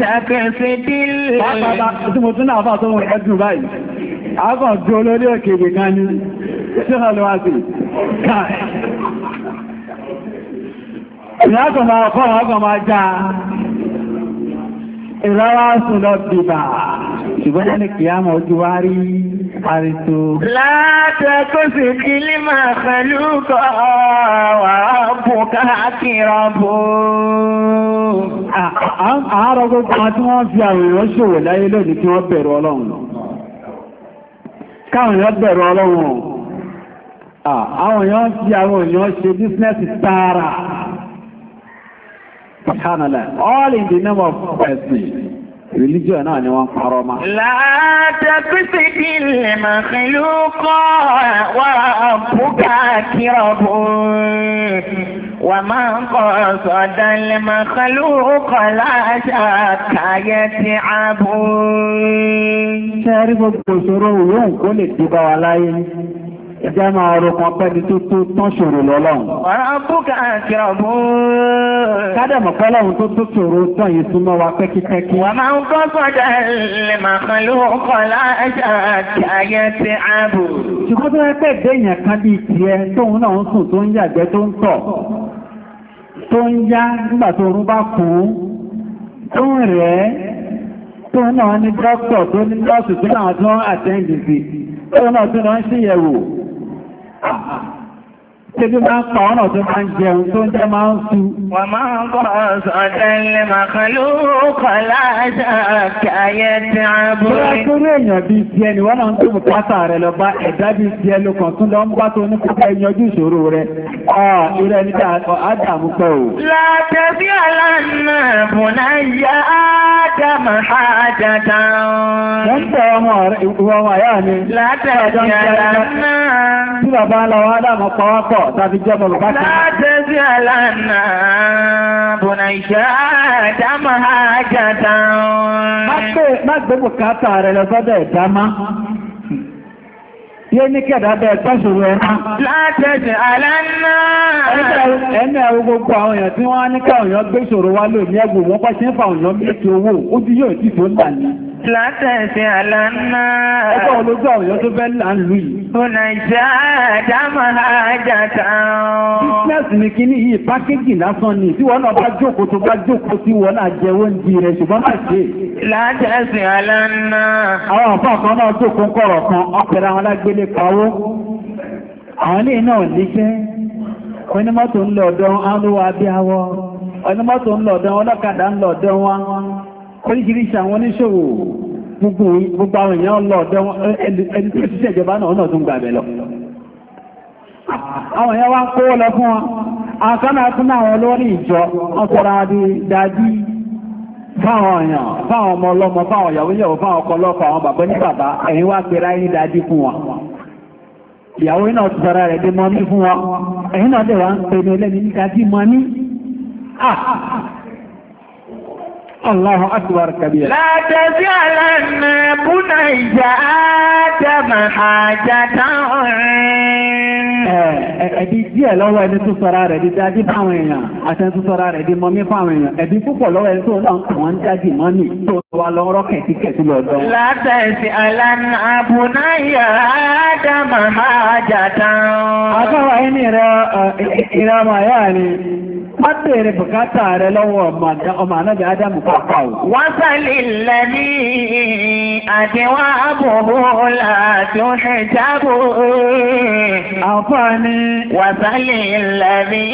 tàkẹsẹ̀dílẹ̀. Pápá tí mo tún náà fà tó rẹ̀ ẹ̀dùn báyìí, àákọ̀ dúró lórí òkèrè náà ní ṣíkọlọ́wàsì. Ìyákan máa kọ́ ṣùgbọ́n lẹ́nu kìyàmọ̀ ojú wá rí àrètò. látẹ̀ kó sì kí lè máa pẹ̀lú kọ́ wà bù káàkiri bò. àárọ̀ gbogbo àwọn tí wọ́n fi àwọn èèyàn ṣòwò láyé lónìí kí wọ́n bẹ̀rù ọlọ́run. All in the name of blessing. Religion náà ni wọ́n parọ́ ma. Látàkì sí ilé màkìlúkọ́ wà búkà kírọ̀bù. Wà máa ń kọ́ sọ̀dọ̀ ilé màkìlúkọ́ láṣà káyẹ ti àbú. Ṣé rí gbogbo ìṣòro òun kó lè dé bá wa láyé? Ẹjá máa ọrọ̀ kan pẹ́ni tó tó tán ṣòro lọ́lọ́run. Rabbuka akrabu. Kádàmọ̀ pẹ́lọ́run tó tó ṣòro tán yìí súnmọ́ wa pẹ́kípẹ́kí. Wa man qasada li makhluqa ń sùn tó ń yàgbẹ́ tó ń tọ̀ tó ń yá nígbà tó orun tó ń tó náà ní dókítà tó ní lọ́sù tó náà tó ń àtẹ́ǹdì tó náà tó náà ń ṣíyẹ̀wò a'a Tébí máa ń pa ọ̀nà tó máa ń jẹun tó ń jẹ máa ń su. Wà máa ń bọ̀ ọ̀sọ̀dẹ̀ lè màkàlú kọ̀lá àṣàkàyẹ ti àbò. Bọ́lá tó rí èèyàn bíi ti ẹni wọ́n náà ń tó bùkátà rẹ̀ lọ bá ẹ̀dá bíi ti ẹ lókàn tún lọ ń bá tó ní kúkẹ́ yanjú ìṣòro rẹ̀. Ìrẹ́ ní Ádámù tàbí jẹ́ ọmọ bàbá kan. látẹ́sí àlànà bùnà ìṣẹ́ àdámà àjàtà ọ̀rìn. má gbé bùkátà rẹ̀ lọ sọ́dọ̀ ìdámá yé ní kẹ́dà bẹ́ẹ̀ tọ́ṣòro ẹ̀má. Látẹ̀sì alánà. Ẹni ẹ̀rọ gbogbo àwọn èèyàn tí wọ́n á ní káwọn èèyàn gbé ṣòro wá lò ní ẹgbò wọ́n pàṣẹ ń fa òyàn bí owó, ó ti yóò ti tó ń dà ní. látẹ̀sí àlànà. Ẹgbẹ́ ológun ló tó bẹ́ là ń lù yìí. Bùnà ìṣẹ́ àdámà àjàtà ọ̀. Bísínẹ́sì ni kíní yìí pákéjì lásán ni tí wọ́n náà bá jókòó tó bá jókòó tí wọ́n náà jẹ oúnjẹ rẹ̀ ṣùgbọ́n má ṣe. Látẹ̀sí àlànà. Àwọn náà jókòó kọ̀rọ̀ kan ọ̀pẹ̀rẹ̀ àwọn alágbélé pawó. Àwọn ilé náà oríṣiríṣi àwọn oníṣòwò gbogbo lọ ẹni ìjọba náà náà wọn náà ìjọ fáwọn èèyàn fáwọn ọmọ ọlọ́mọ fáwọn ìyàwó ìyàwó fáwọn àwọn bàbá ní bàbá ẹ̀yìn wá dájí fún wọn ìyàwó ti rẹ̀ dé fún wọn ẹ̀yìn náà dẹ̀ wá ń pe ní الله أكبر كبير لا تجعلن بني آدم حاجة Eh, eh, ẹ̀bí díẹ̀ lọ́wọ́ ẹni tó sọ́ra rẹ̀ di dájí fáwọn èèyàn àti ẹni tó sọ́ra rẹ̀ di mọ́mí fáwọn èèyàn ẹ̀bí púpọ̀ lọ́wọ́ ẹni tó lọ́n kàn wọ́n dájí mọ́mí tó wà lọ́rọ́ kẹ̀kẹ́kẹ́ lọ́dọ́. látẹ̀sí alánà ádámà máa àdíwáàbòbò látún ṣẹjábò àfáàní wàsálẹ̀ ìlàrí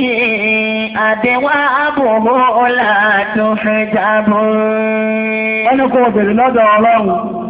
àdíwáàbòbò látún ṣẹjábò ẹnukọ́ obìnrin lọ́dọ̀ ọlọ́run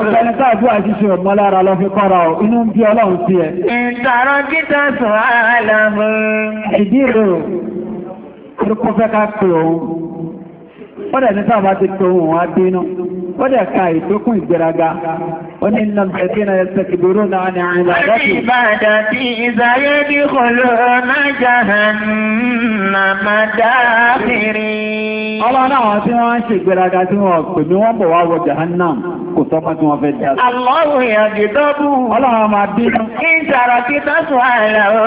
Ọ̀gbẹ́ni káàkiri àti ṣe ọ̀gbọ́n lára lọ fi kọ́ra ọ̀ inú ń bí ọlọ́run sí ẹ. Ìtàrọ kíta sùn àlàmù. Ìdí rò, orúkọ fẹ́ ká pè òun. Ó kọ́dẹ̀ ka ìtókùn ìgbéraga ó ní nà bẹ̀rẹ̀ na ẹsẹ̀ kìbìrún náà ní àìlà lọ́tù. wọ́n ní ìbàdà tí ìsàyé ní kòló náà jahannama dáfìrí. ọlọ́run àwọn tí wọ́n ń ṣe ìgbéraga tí wọ́n pè mí wọ́n bọ̀ wá wọ jahannam kò sọ pé kí wọ́n fẹ́ dá. Allahu yàgì dọ́bù. ọlọ́run máa bínú. ìṣàrọ̀ kí tọ́sùn àìlà o.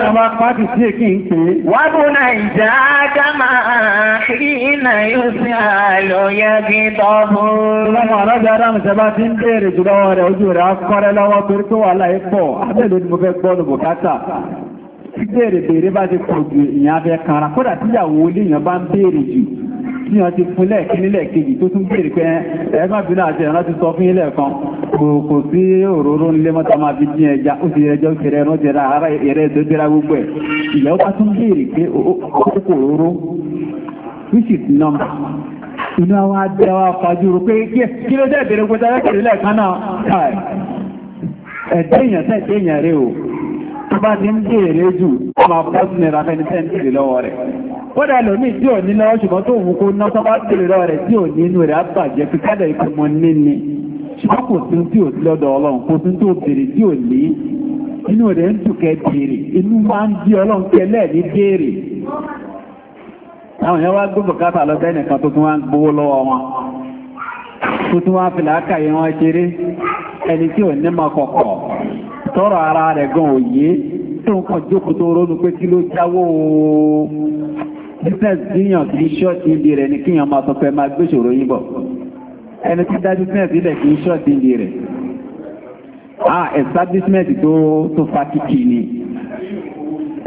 ṣé wọ́n pa ti sí èkì ń pè é. wọ́n bú nàìjà dámà àkírí náà yóò sí àlọ́ yàgì dọ́bù láwọn arájá adámi tẹbá ti ń bèèrè jù lọ́wọ́ rẹ̀ ojú rẹ̀ akọ́rẹ́ lọ́wọ́ torí tó wà láì pọ̀ abẹ́lú ni mo fẹ́ gbọ́nù bùkátà tí bèèrè bèèrè bá ti pọ̀ jù ìyàn afẹ́ kanra kódà tíyàwó léèyàn bá ń bèèrè jù tíyàn ti fún lẹ́ẹ̀kíní lẹ́ẹ̀kejì tó tún bèèrè pé ẹgbẹ́ bínú àti ẹ̀rọ ti sọ fún ilẹ̀ kan kò sí òróró nílé mọ́ta máa fi dín ẹja ó ti ẹjọ́ kẹrẹ ẹran inú àwọn adẹ́wà pàjúrò pé kí ló jẹ́ ìbẹ̀rẹ̀ gbọ́dá lẹ́kẹ̀rẹ̀ lẹ́ẹ̀kan náà káì ẹ̀dẹ́yàn tẹ́ẹ̀dẹ́yàn rẹ̀ o tó bá ti ń bèèrè jù ọmọ abúlọ́sìnira fẹ́ni tẹ́ẹ̀dẹ́rẹ̀ lọ́wọ́ rẹ̀ kódà lómi tí ò ní lọ́wọ́ ṣùgbọ́n tó òun kó ná tó bá bèèrè lọ́wọ́ rẹ̀ àwọn èèyàn wá gbogbo káta lọ bẹ́ẹ̀ nìkan tó tún wá ń gbówó lọ́wọ́ wọn tó tún wá fi làákàyè wọn ṣeré ẹni tí ò ní mọ̀ kọ̀kọ̀ tọrọ ara rẹ̀ gan òye tó ń kàn jókòó tó rónú pé kí ló jáwó business díyàn kì í ṣọ́ọ̀tì ibi rẹ̀ ni kíyàn máa tọpẹ máa gbéṣòro yín bọ̀ ẹni business ah establishment tó tó fa kìkì ni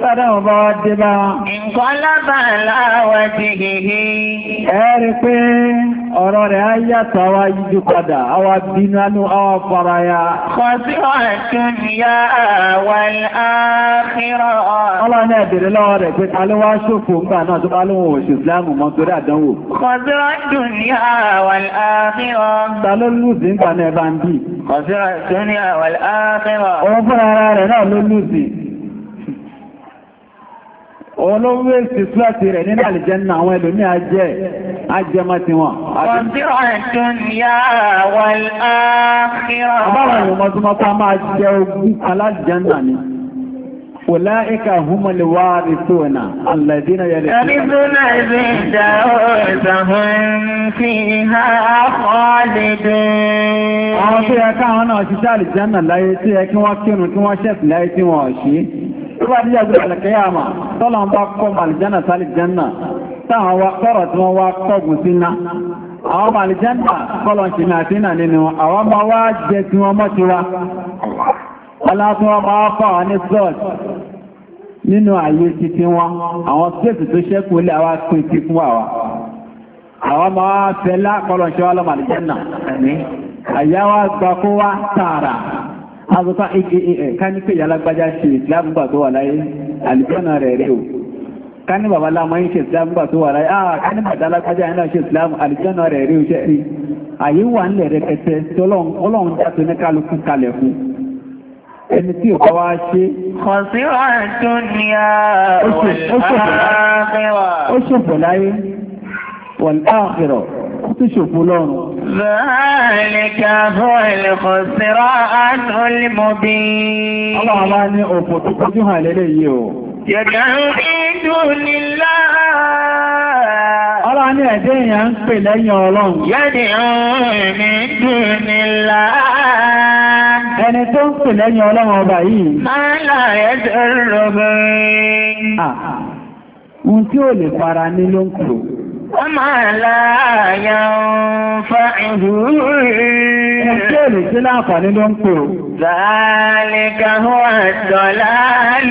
Sára ọba wa dé bá. Nǹkan lábà láwà ti hìhì. Ẹ rí pé ọ̀rọ̀ rẹ̀ á yàtọ̀ àwa yíjú padà, àwa bínú anú àwa fara ya. Kọ̀sí ọ̀tún ya wà áàkírọ̀. Ọlọ́run náà bèrè lọ́wọ́ rẹ̀ pé ta ló wá ṣòfò ńgbà náà tó bá lóhun òṣù Ìsìláàmù mọ́ torí àdánwò. Kọ̀sí ọ̀tún ya wà áàkírọ̀. Ta ló lùzì ńgbà náà bá ń bì? Kọ̀sí ọ̀tún ya wà áàkírọ̀. Òun òun ló wé sí fúláàtì rẹ̀ nínú àlìjẹ́nà àwọn ẹlòmí ajẹ́ ajẹ́mọ́ ti wọn. Àbáwọn ìwọ̀n tó mọ́ pa máa jẹ ogún alájẹ́nà ni. أولئك هم الوارثون الذين يرثون دعوتهم فيها خالدون. Àwọn tó yẹ káwọn náà ṣiṣẹ́ àlìjẹ́nà láyé tí yẹ kí wọ́n kírun kí wọ́n ṣẹ̀sìn láyé tí wọ́n ṣe tó bá díjà sí àlẹ́kẹ́yàmà tọ́lọ̀ ń bá kọ́ màlìjánà sálìjánà táwọn wa kọ́rọ̀ tí wọ́n wá kọ́gùn sí ná àwọn màlìjánà kọ́lọ̀ ṣì náà sí náà nínú àwọn ọmọ wá jẹ tí wọ́n mọ́ ti wá aláàtún wọn máa wọn ní sọ́ọ̀t nínú ààyè títí wọn àwọn pèsè tó ṣẹ́kù ilé àwa pín sí fún àwa àwọn máa wá azọ́fà kánípé yàlágbájá ṣe islam gbà tó wà láyé àlùjọ́nà rẹ̀ rẹ̀ o kání bàbá lámọ́ yìí ṣe islam gbà tó wà láyé ah kání bàbá lágbájá yìí náà ṣe islam àlùjọ́nà rẹ̀ rẹ̀ o ṣe rí àyè wà nílẹ̀ rẹpẹtẹ tí ọlọ́run dàtò ní kálukú kalẹ̀ fún ẹni tí ò bá wá ṣe. kọ̀síwá tó ní ààrùn ààrẹ wà. ó ṣòfò láyé wọ̀lá ààrẹ tí ṣòfò lọ́rùn. Láàrínká fún ìlẹ̀kọ̀ o. Yẹ̀dà ń bí dùn nílá. Ọlọ́run ní ẹ̀dẹ́ èèyàn ń pè lẹ́yìn ọlọ́run. Yẹ̀dà ń dùn nílá. Ẹni tó ń pè lẹ́yìn ọlọ́run ọba yìí. Máa láyé tó rọ̀ bẹ́ẹ̀. Ohun tí ò lè fara ní ló ń kúrò. Ọmọ aláàyà ń fa ìhúrí. Ẹgbẹ́rì sí láǹfààní ló ń pè ó. Zàálẹ́ka wà tọ́lá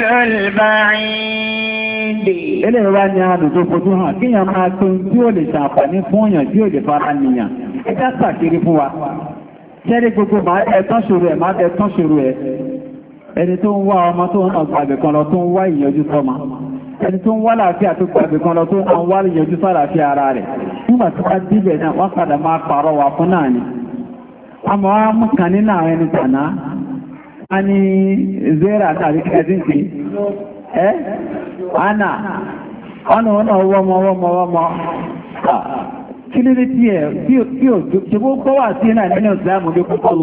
lọ́lbàáyìndì. Ilé ìwá ni a lò tó fojú hàn kí yàn máa tó tí ó lè ṣàǹfààní fún yàn tí ó lè fara nìyàn. Ẹ ká sàkiri fún wa. Ṣẹ́rí gbogbo máa ẹ̀tán ṣòro ẹ̀ máa ẹ̀tán ṣòro ẹ̀. Ẹni tó ń wá ọmọ tó ń ọ̀gbàgbẹ̀ kan lọ tó ń wá ìyànjú sọ́mọ. ẹni tó ń wá láàfíà tó gbàgbé kan lọ tó ń wá yọjú ara rẹ̀ nígbà tó bá díbẹ̀ náà wọ́n padà máa pààrọ̀ wà fún ni a mọ̀ wá mú kan nínú ẹni tàná a ní zera tàbí ẹ́ ana ọ̀nà ọ̀nà wọ́mọ kí ló dé tí ẹ̀ tí ò ṣe bó wà sí náà nínú ìsìlámù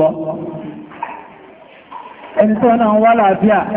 lọ ẹni tó náà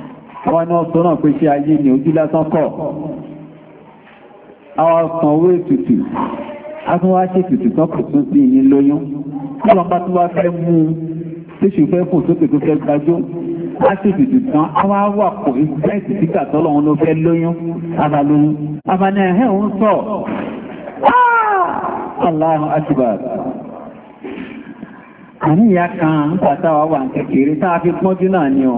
àwọn ni wọ́n sọ náà pé ṣe ayé ni ojú lásán kọ̀ àwọn ọ̀sán owó ètùtù a tún wá ṣe ètùtù tán kò tún sí ìní lóyún lọ́nà bá tún wá fẹ́ mú un tíṣù fẹ́ fò sókè tó fẹ́ gbájú a ṣe ètùtù tán a wá wà kò ìfẹ́ẹ̀sì sígbà tọ́lọ́run ló fẹ́ lóyún abalóyún abanẹ ẹ̀hẹ́ òun sọ ah! Allahu Akbar àníyàn kan ń pàtàwà wà kékeré tá a fi pọ́njú náà ni ọ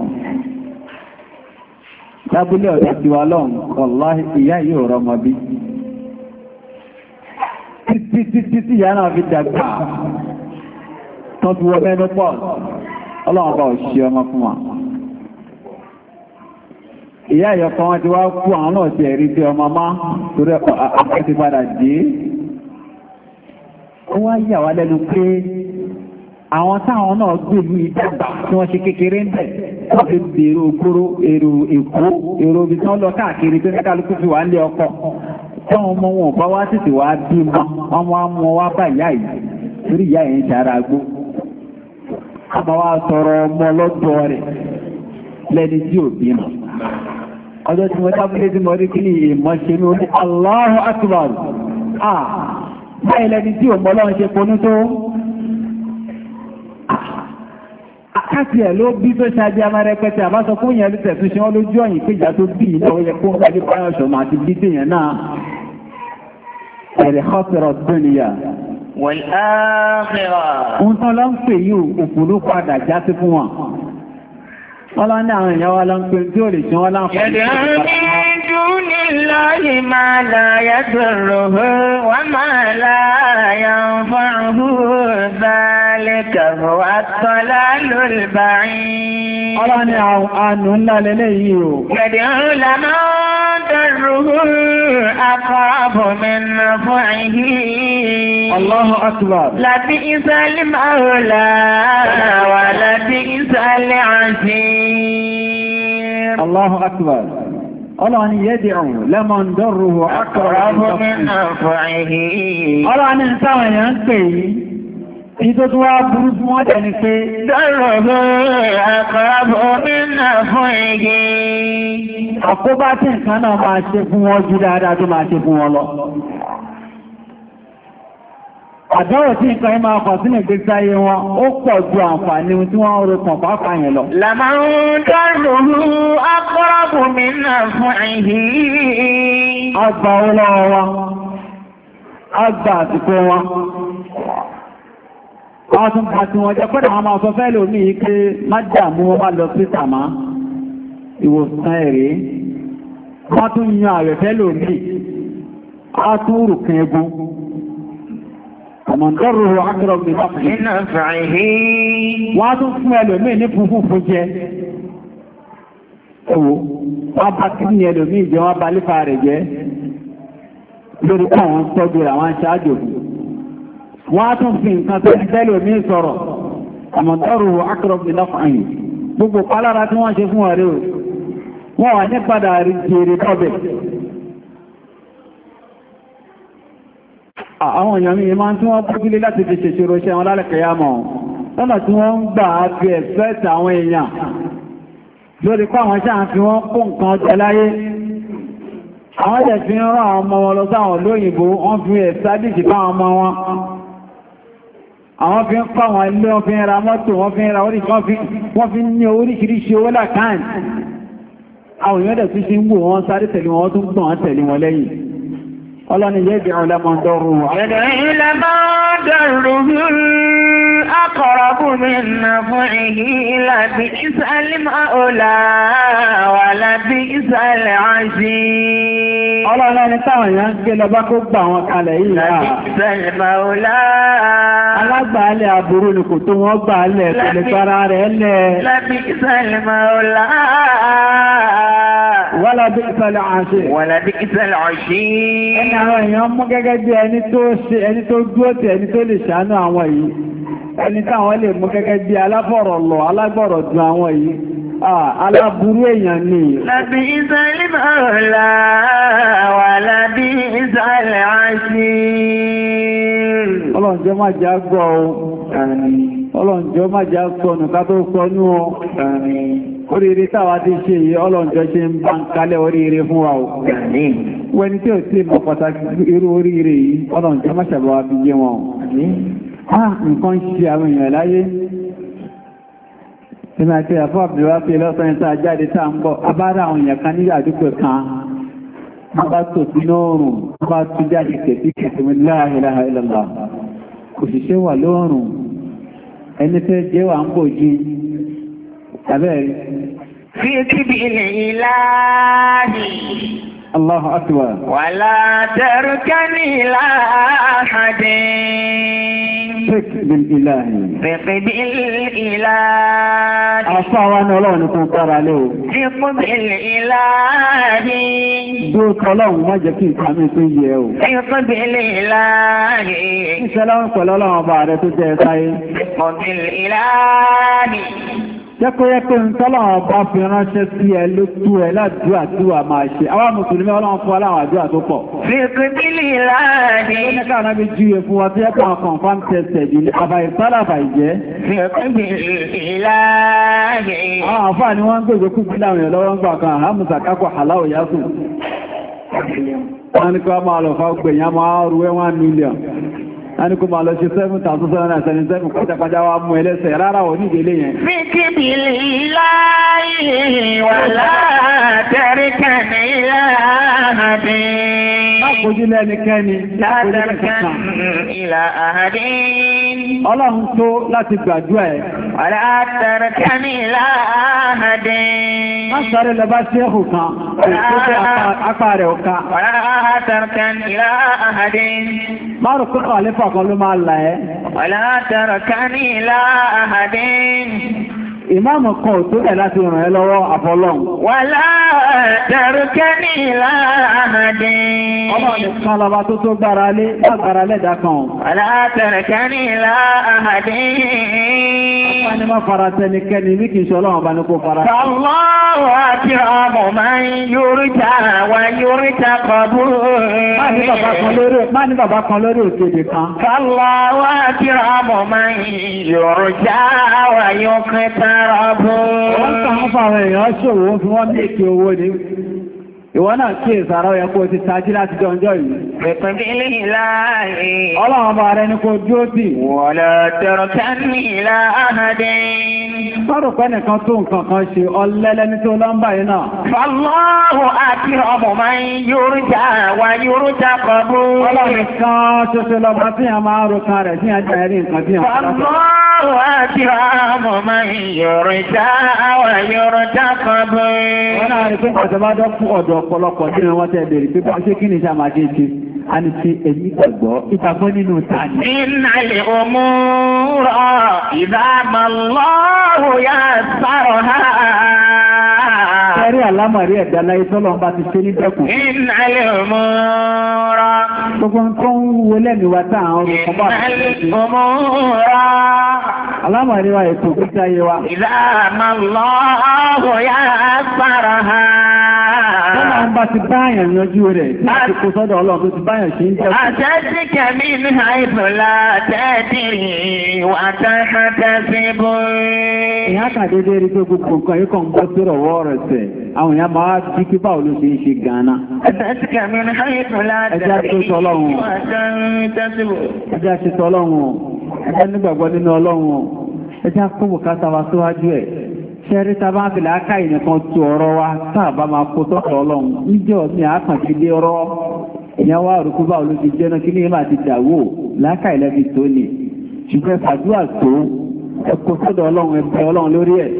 lábúlé ọ̀dá ti wà lọ́n ọ̀lá ìyá yìí ọ̀rọ̀ bí títí títí náà fi dàgbà tán fi wọ mẹ́nu pọ̀ ọlọ́run bá òṣìṣẹ́ ọmọ fún wa ìyá wọn ti wá kú àwọn náà ti àwọn táwọn náà gbèlú ìdàgbà tí wọ́n ṣe kékeré ń bẹ̀ láti dèrò ògbóró èrò èkó èrò ibi tí wọ́n lọ káàkiri tó ní kálukú fi wà ń lé ọkọ̀ táwọn ọmọ wọn bá wá tètè wá bí mọ ọmọ amọ wá bá ìyá yìí torí ìyá yẹn ń ṣara gbó ọmọ wa sọ̀rọ̀ ọmọ lọ́dọ̀ rẹ̀ lẹ́ni tí ò bí mọ ọjọ́ tí mo tábílé tí mo rí kí ní ìmọ̀ ṣe ní orí Allahu Akbar ah báyìí tí ò mọ́ lọ́n àkáàtì ẹ̀ ló bí tó ṣáájú amárẹ́pẹ́tẹ àbáṣọ fún yẹn lítẹ̀ tó ṣe wọ́n lójú ọ̀yìn péjà tó bí iná ó kó ń gbàdé báyọ̀ṣọ́ máa ti bí tèèyàn náà ẹ̀rẹ̀ họ́sẹ̀rọ̀ dúnìyà. wẹ̀láàmìrà. ohun tán ló ń pè yí òkúrú padà já sí fún wọn. wọ́n lọ ní àwọn èèyàn wa ló ń pè tí ò lè ṣe wọ́n láǹfààní. Láyé Zálẹ́kà wà tọ́lá lólùbáyín. Ọlá ni àánú ńlá lẹ́lẹ́ yìí o. Gẹ̀dẹ̀ ńlá máa ń dẹ̀rùhù àkọ́bù mi nà fún àyí. Allahu Akbar. Láti ìsàlẹ̀ máa rọ̀lá wà láti ìsàlẹ̀ Allahu Akbar. Ọlọ́run ni yẹ́dìrùn lẹ́mọ̀ ń dọ́rùhù àkọ́rọ̀ àbọ̀ mi nà fún Ọlọ́run ni sáwọn èèyàn ń pè yìí. Ìjọ tó wá burú fún wọ́n jẹ́ ni pé, Dọ́rọ̀ bẹ́ àkọ́bọ̀ mínà fún igi. Àkóbá tí nǹkan náà máa ṣe fún wọn jù dáadáa tó máa ṣe fún wọn lọ. Àdáwọ̀ tí nǹkan ẹ máa kọ̀ sínú ìgbésí ayé wọn, ó pọ̀ ju àǹfààní tí wọ́n ń kàn pàápàá yẹn lọ. Làmà ń wọn àwọn tún bá tí wọ́n jẹ́ pẹ́lú àwọn ọmọ ọ̀fẹ́ lò ní ike májá mú wọ́n bá lọ sí sàmá ìwòsàn ẹ̀rẹ́ wọ́n tún yan àwẹ̀fẹ́ lò ní àtúrù kan ọmọdọ́rù akọrọ̀ bá fún wọ́n á tún fi nǹkan tó ti tẹ́lẹ̀ ní sọ̀rọ̀ àmọ̀tọ́rù akọ̀rọ̀bì gbogbo pálára tí wọ́n ṣe fún ọ̀rẹ́ o wọ́n wà ní padà rí jèrè tọ́bẹ̀ àwọn èèyàn mi máa tí wọ́n kúkílé láti fi ṣèṣòro ṣe wọn àwọn wọ́n fi wọn àwọn fi ń fà wọn ilé wọn fi ń ra mọ́tò wọn fi ń ra oríṣi wọn fi ń ní oríṣiríṣi owó làkáàní àwọn èèyàn dẹ̀ tún ṣe ń wò wọn sáré tẹ̀lé wọn tún gbọ̀n tẹ̀lé wọn lẹ́yìn ọlọ́ni yẹ́ jẹ́ ọlọ́mọdọ́rù akọ̀rọ̀bù mi nà fún èyí láti ìsàlẹ̀ máa ọ̀la wà láti ìsàlẹ̀ àṣírí Ọlọ́run ni táwọn èèyàn gbé lọba kó gbà wọn kalẹ̀ yìí náà. Alágbàálẹ̀ aburú ni kò tó wọ́n gbàálẹ̀ kò lè fara rẹ̀ lẹ̀. Wọ́lá bí ìsàlẹ̀ àṣẹ. Wọ́lá bí ìsàlẹ̀ àṣẹ. Ẹni àwọn èèyàn mú gẹ́gẹ́ bí ẹni tó ṣe ẹni tó dúró tì ẹni tó lè ṣàánú àwọn yìí. Ẹni táwọn lè mú gẹ́gẹ́ bí aláfọ̀rọ̀ lọ alágbọ̀rọ̀ dùn àwọn yìí. Ala èèyàn ni. Lábí ìsàlẹ̀ ọ̀la wà lábí ìsàlẹ̀ àṣì. Ọlọ́njẹ́ máa jẹ́ gbọ́ Ọlọ Ọlọ́njẹ́ máa jẹ́ sọ nùká tó sọ ní o. Oríire táwa ti ṣe yìí ọlọ́njẹ́ ṣe ń bá ń kalẹ̀ oríire fún wa o. tí mọ̀ pàtàkì irú yìí ọlọ́njẹ́ ṣàbọ̀ wa fi Ìmọ̀ àti ẹ̀fọ́ àbúrúwá fi lọ́sọ̀ ìta jáde tá ń bọ̀, abára àwọn èèyàn kan ní àdúgbò kan, wọ́n bá tò sí lóòrùn, wọ́n bá tún jáde kẹ̀sí kẹ̀sí mi láàrínláà ìlàlá. Òṣìṣẹ́ akbar. Wàlá tẹ̀rù kẹ́ ní ìlàáhàdín. Fẹ́kì bí ìlàhì. Fẹ́kì bí ìlàhì. Àfọ́ àwọn ní ọlọ́run ní kún kára lé o. Fẹ́kì bí ìlàhì. Dúró kọ ọlọ́run má jẹ́ kí nǹkan mi pín yẹ jẹ́kọ́yẹ́ pé ń tọ́lọ̀wọ̀n bá fi ránṣẹ́ sí ẹ ló tú ẹ ládùúà tí wà máa ṣe àwọn mùsùlùmí ọlọ́run fún aláwọ̀ àdúrà tó pọ̀. fìkìtìlì láàrin. ó ní káàná bí ju iye fún wa tí ẹ̀kọ́ àwọn confam tested yìí àbá ìsálàbà ìjẹ́. fìkìtìlì láàrin. àwọn àǹfààní wọn ń gbèsè kúkú láwọn èèyàn lọ́wọ́ ń gbà kan àhámùsà kákọ̀ àláwọ̀ yásùn. wọ́n ní kí wọ́n a ní kó máa lọ ṣe seven thousand seven hundred and seventy seven pátápátá wa mú ẹlẹ́sẹ̀ rárá ò ní ìdílé yẹn. fíkìbì láì wà látẹ̀rí kẹ́ni láàbí. má fojú lẹ́nikẹ́ni látẹ̀rí kẹ́ni láàbí. ọlọ́run tó láti gbàdúrà ẹ̀. wà látẹ̀rí kẹ́ni láàbí. má má kan ló máa là ẹ́. Wàlá tẹ̀rọ̀ kan ní ìlà àhàdín ìmáàmù kan ò tó rẹ̀ láti ràn ẹ́ lọ́wọ́ àfọlọ́n. wà láàdẹ̀rùkẹ́ ní ìlànàdé. ọmọ nìkan lọba tó tó gbára lé lágbára lẹ́dà kan. wà láàdẹ̀rùkẹ́ ní ìlànàdé. ọ̀pá ni má fara tẹnikẹ́ni ní kìí ṣe ọlọ́run bá ní kó fara. sọlọ́wọ́ àti ọmọ máa ń yorùjá wà yorùjá kọ̀bú. má ní bàbá kan lórí òkèdè kan. sọlọ́wọ́ àti ọmọ máa ń yorùjá wà yorùjá يعرفون ìwọ náà kí ìsàrá ọ̀yẹ́ kó ti tají láti jọ ọjọ́ yìí. Ìpínlẹ̀ ìlàáyé. Ọlọ́run bá rẹ ní kó dúró tì. Wọ̀lá tẹ̀rọ kánì ìlàáhàdé. Sọ́rọ̀ pẹ́ nìkan tó nǹkan kan ṣe ọlẹ́lẹ́ni tó lọ́mbà yìí náà. Fọlọ́run àti ọmọ máa ń yóò jà wá yóò Ọlọ́run kan ṣoṣo lọ́mọ tí a máa ń ro kan rẹ̀ tí a jẹ́ ẹ̀rí nǹkan tí a máa ń ro ọ̀pọ̀lọpọ̀ tí wọ́n tẹ́ bèèrè pé bá ṣé kí ni sáà máa ṣe ṣe a ní ṣe èmi gbàgbọ́ ìgbàgbọ́ nínú tàní. nínú ilé òmùrọ̀ ìdámọ̀ lọ́rùn yá Iná lè mú rọ. Gbogbo wa tá àwọn ọmọ bá ètò òkúta yé wa. Ìdámọ̀ lọ́rùn yá ha a bá ti báyàn yanjú rẹ̀ tí a ti kó sọ́dọ̀ ọlọ́run tó ti báyàn ṣe ń jẹ́ àtẹ́sí kẹ̀mí ní àìbọ̀lá àtẹ́sí ìwà tẹ́sí bó ìyá kàdédé rí pé gbogbo nǹkan yìí kàn bọ́ sí rọ̀wọ́ rẹ̀ sẹ̀ àwọn èèyàn máa bí kí báwo ló ṣe ń ṣe gánà. àtẹ́sí kẹ̀mí ní àìbọ̀lá àtẹ́sí ìwà tẹ́sí bó ẹjá ṣe tọ́lọ́run ẹjá nígbàgbọ́ nínú ṣẹ́rí tàbá ń fìlà áká ìnìkan tu ọ̀rọ̀ wa tàbá máa kó tọ́tọ̀ ọlọ́run níjọ́ ní àkàndílé ọ̀rọ̀ ìyẹn wá òrùkúbá olóbi jẹ́nà kí ní ìmọ̀ àti dàwó láká ìlẹ́bi tó ní ṣùgbọ́n fàdúrà tó ẹ̀kọ́ sọ́dọ̀ ọlọ́run ẹ̀fẹ́ ọlọ́run lórí ẹ̀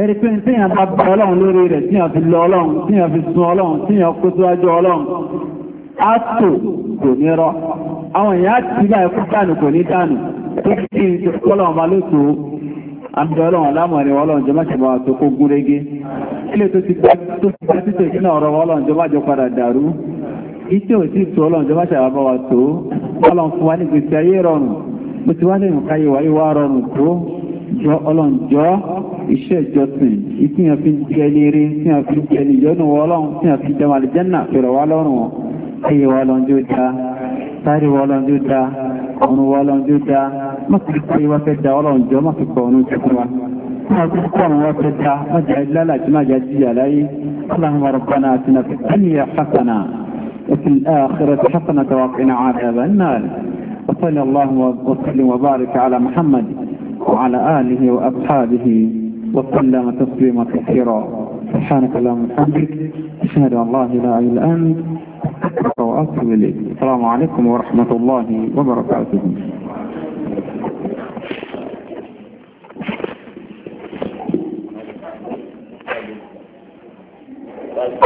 ẹ̀rí pé tíyàn bá bẹ ọlọ́run lórí rẹ̀ tíyàn fi lọ ọlọ́run tíyàn fi sun ọlọ́run tíyàn kó síwájú ọlọ́run á tò kò ní àbúrọ̀lọ́wọ̀n lámọ̀rí wọ́lọ́n jọ máṣe bá wà tó kó gún régé ilé tó ti gbá títò ìkínà ọ̀rọ̀ wọ́lọ́n jọ májọ padà dàrú ìtẹ́ ò sí tó ọlọ́n jọ máṣe àbá wà tó wọ́lọ́n fún wa ní gbèsè ayé rọrùn mo ti wá lẹ́yìn káyé wáyé wá rọrùn tó jọ ọlọ́n jọ iṣẹ́ ìjọsìn ìtìyàn fi jẹ́ mọ́sí kọ́ ولو fẹ́ ما ọlọ́run jọ ما kọ́ ọ̀nà ìjọ fún wa máa fi اللهم ربنا اتنا في الدنيا حسنه وفي الاخره حسنه وقنا عذاب النار وصلى الله وسلم وبارك على محمد وعلى اله واصحابه وسلم تسليما كثيرا سبحانك اللهم وبحمدك اشهد ان لا اله الا انت واتوب اليك السلام عليكم ورحمه الله وبركاته everybody.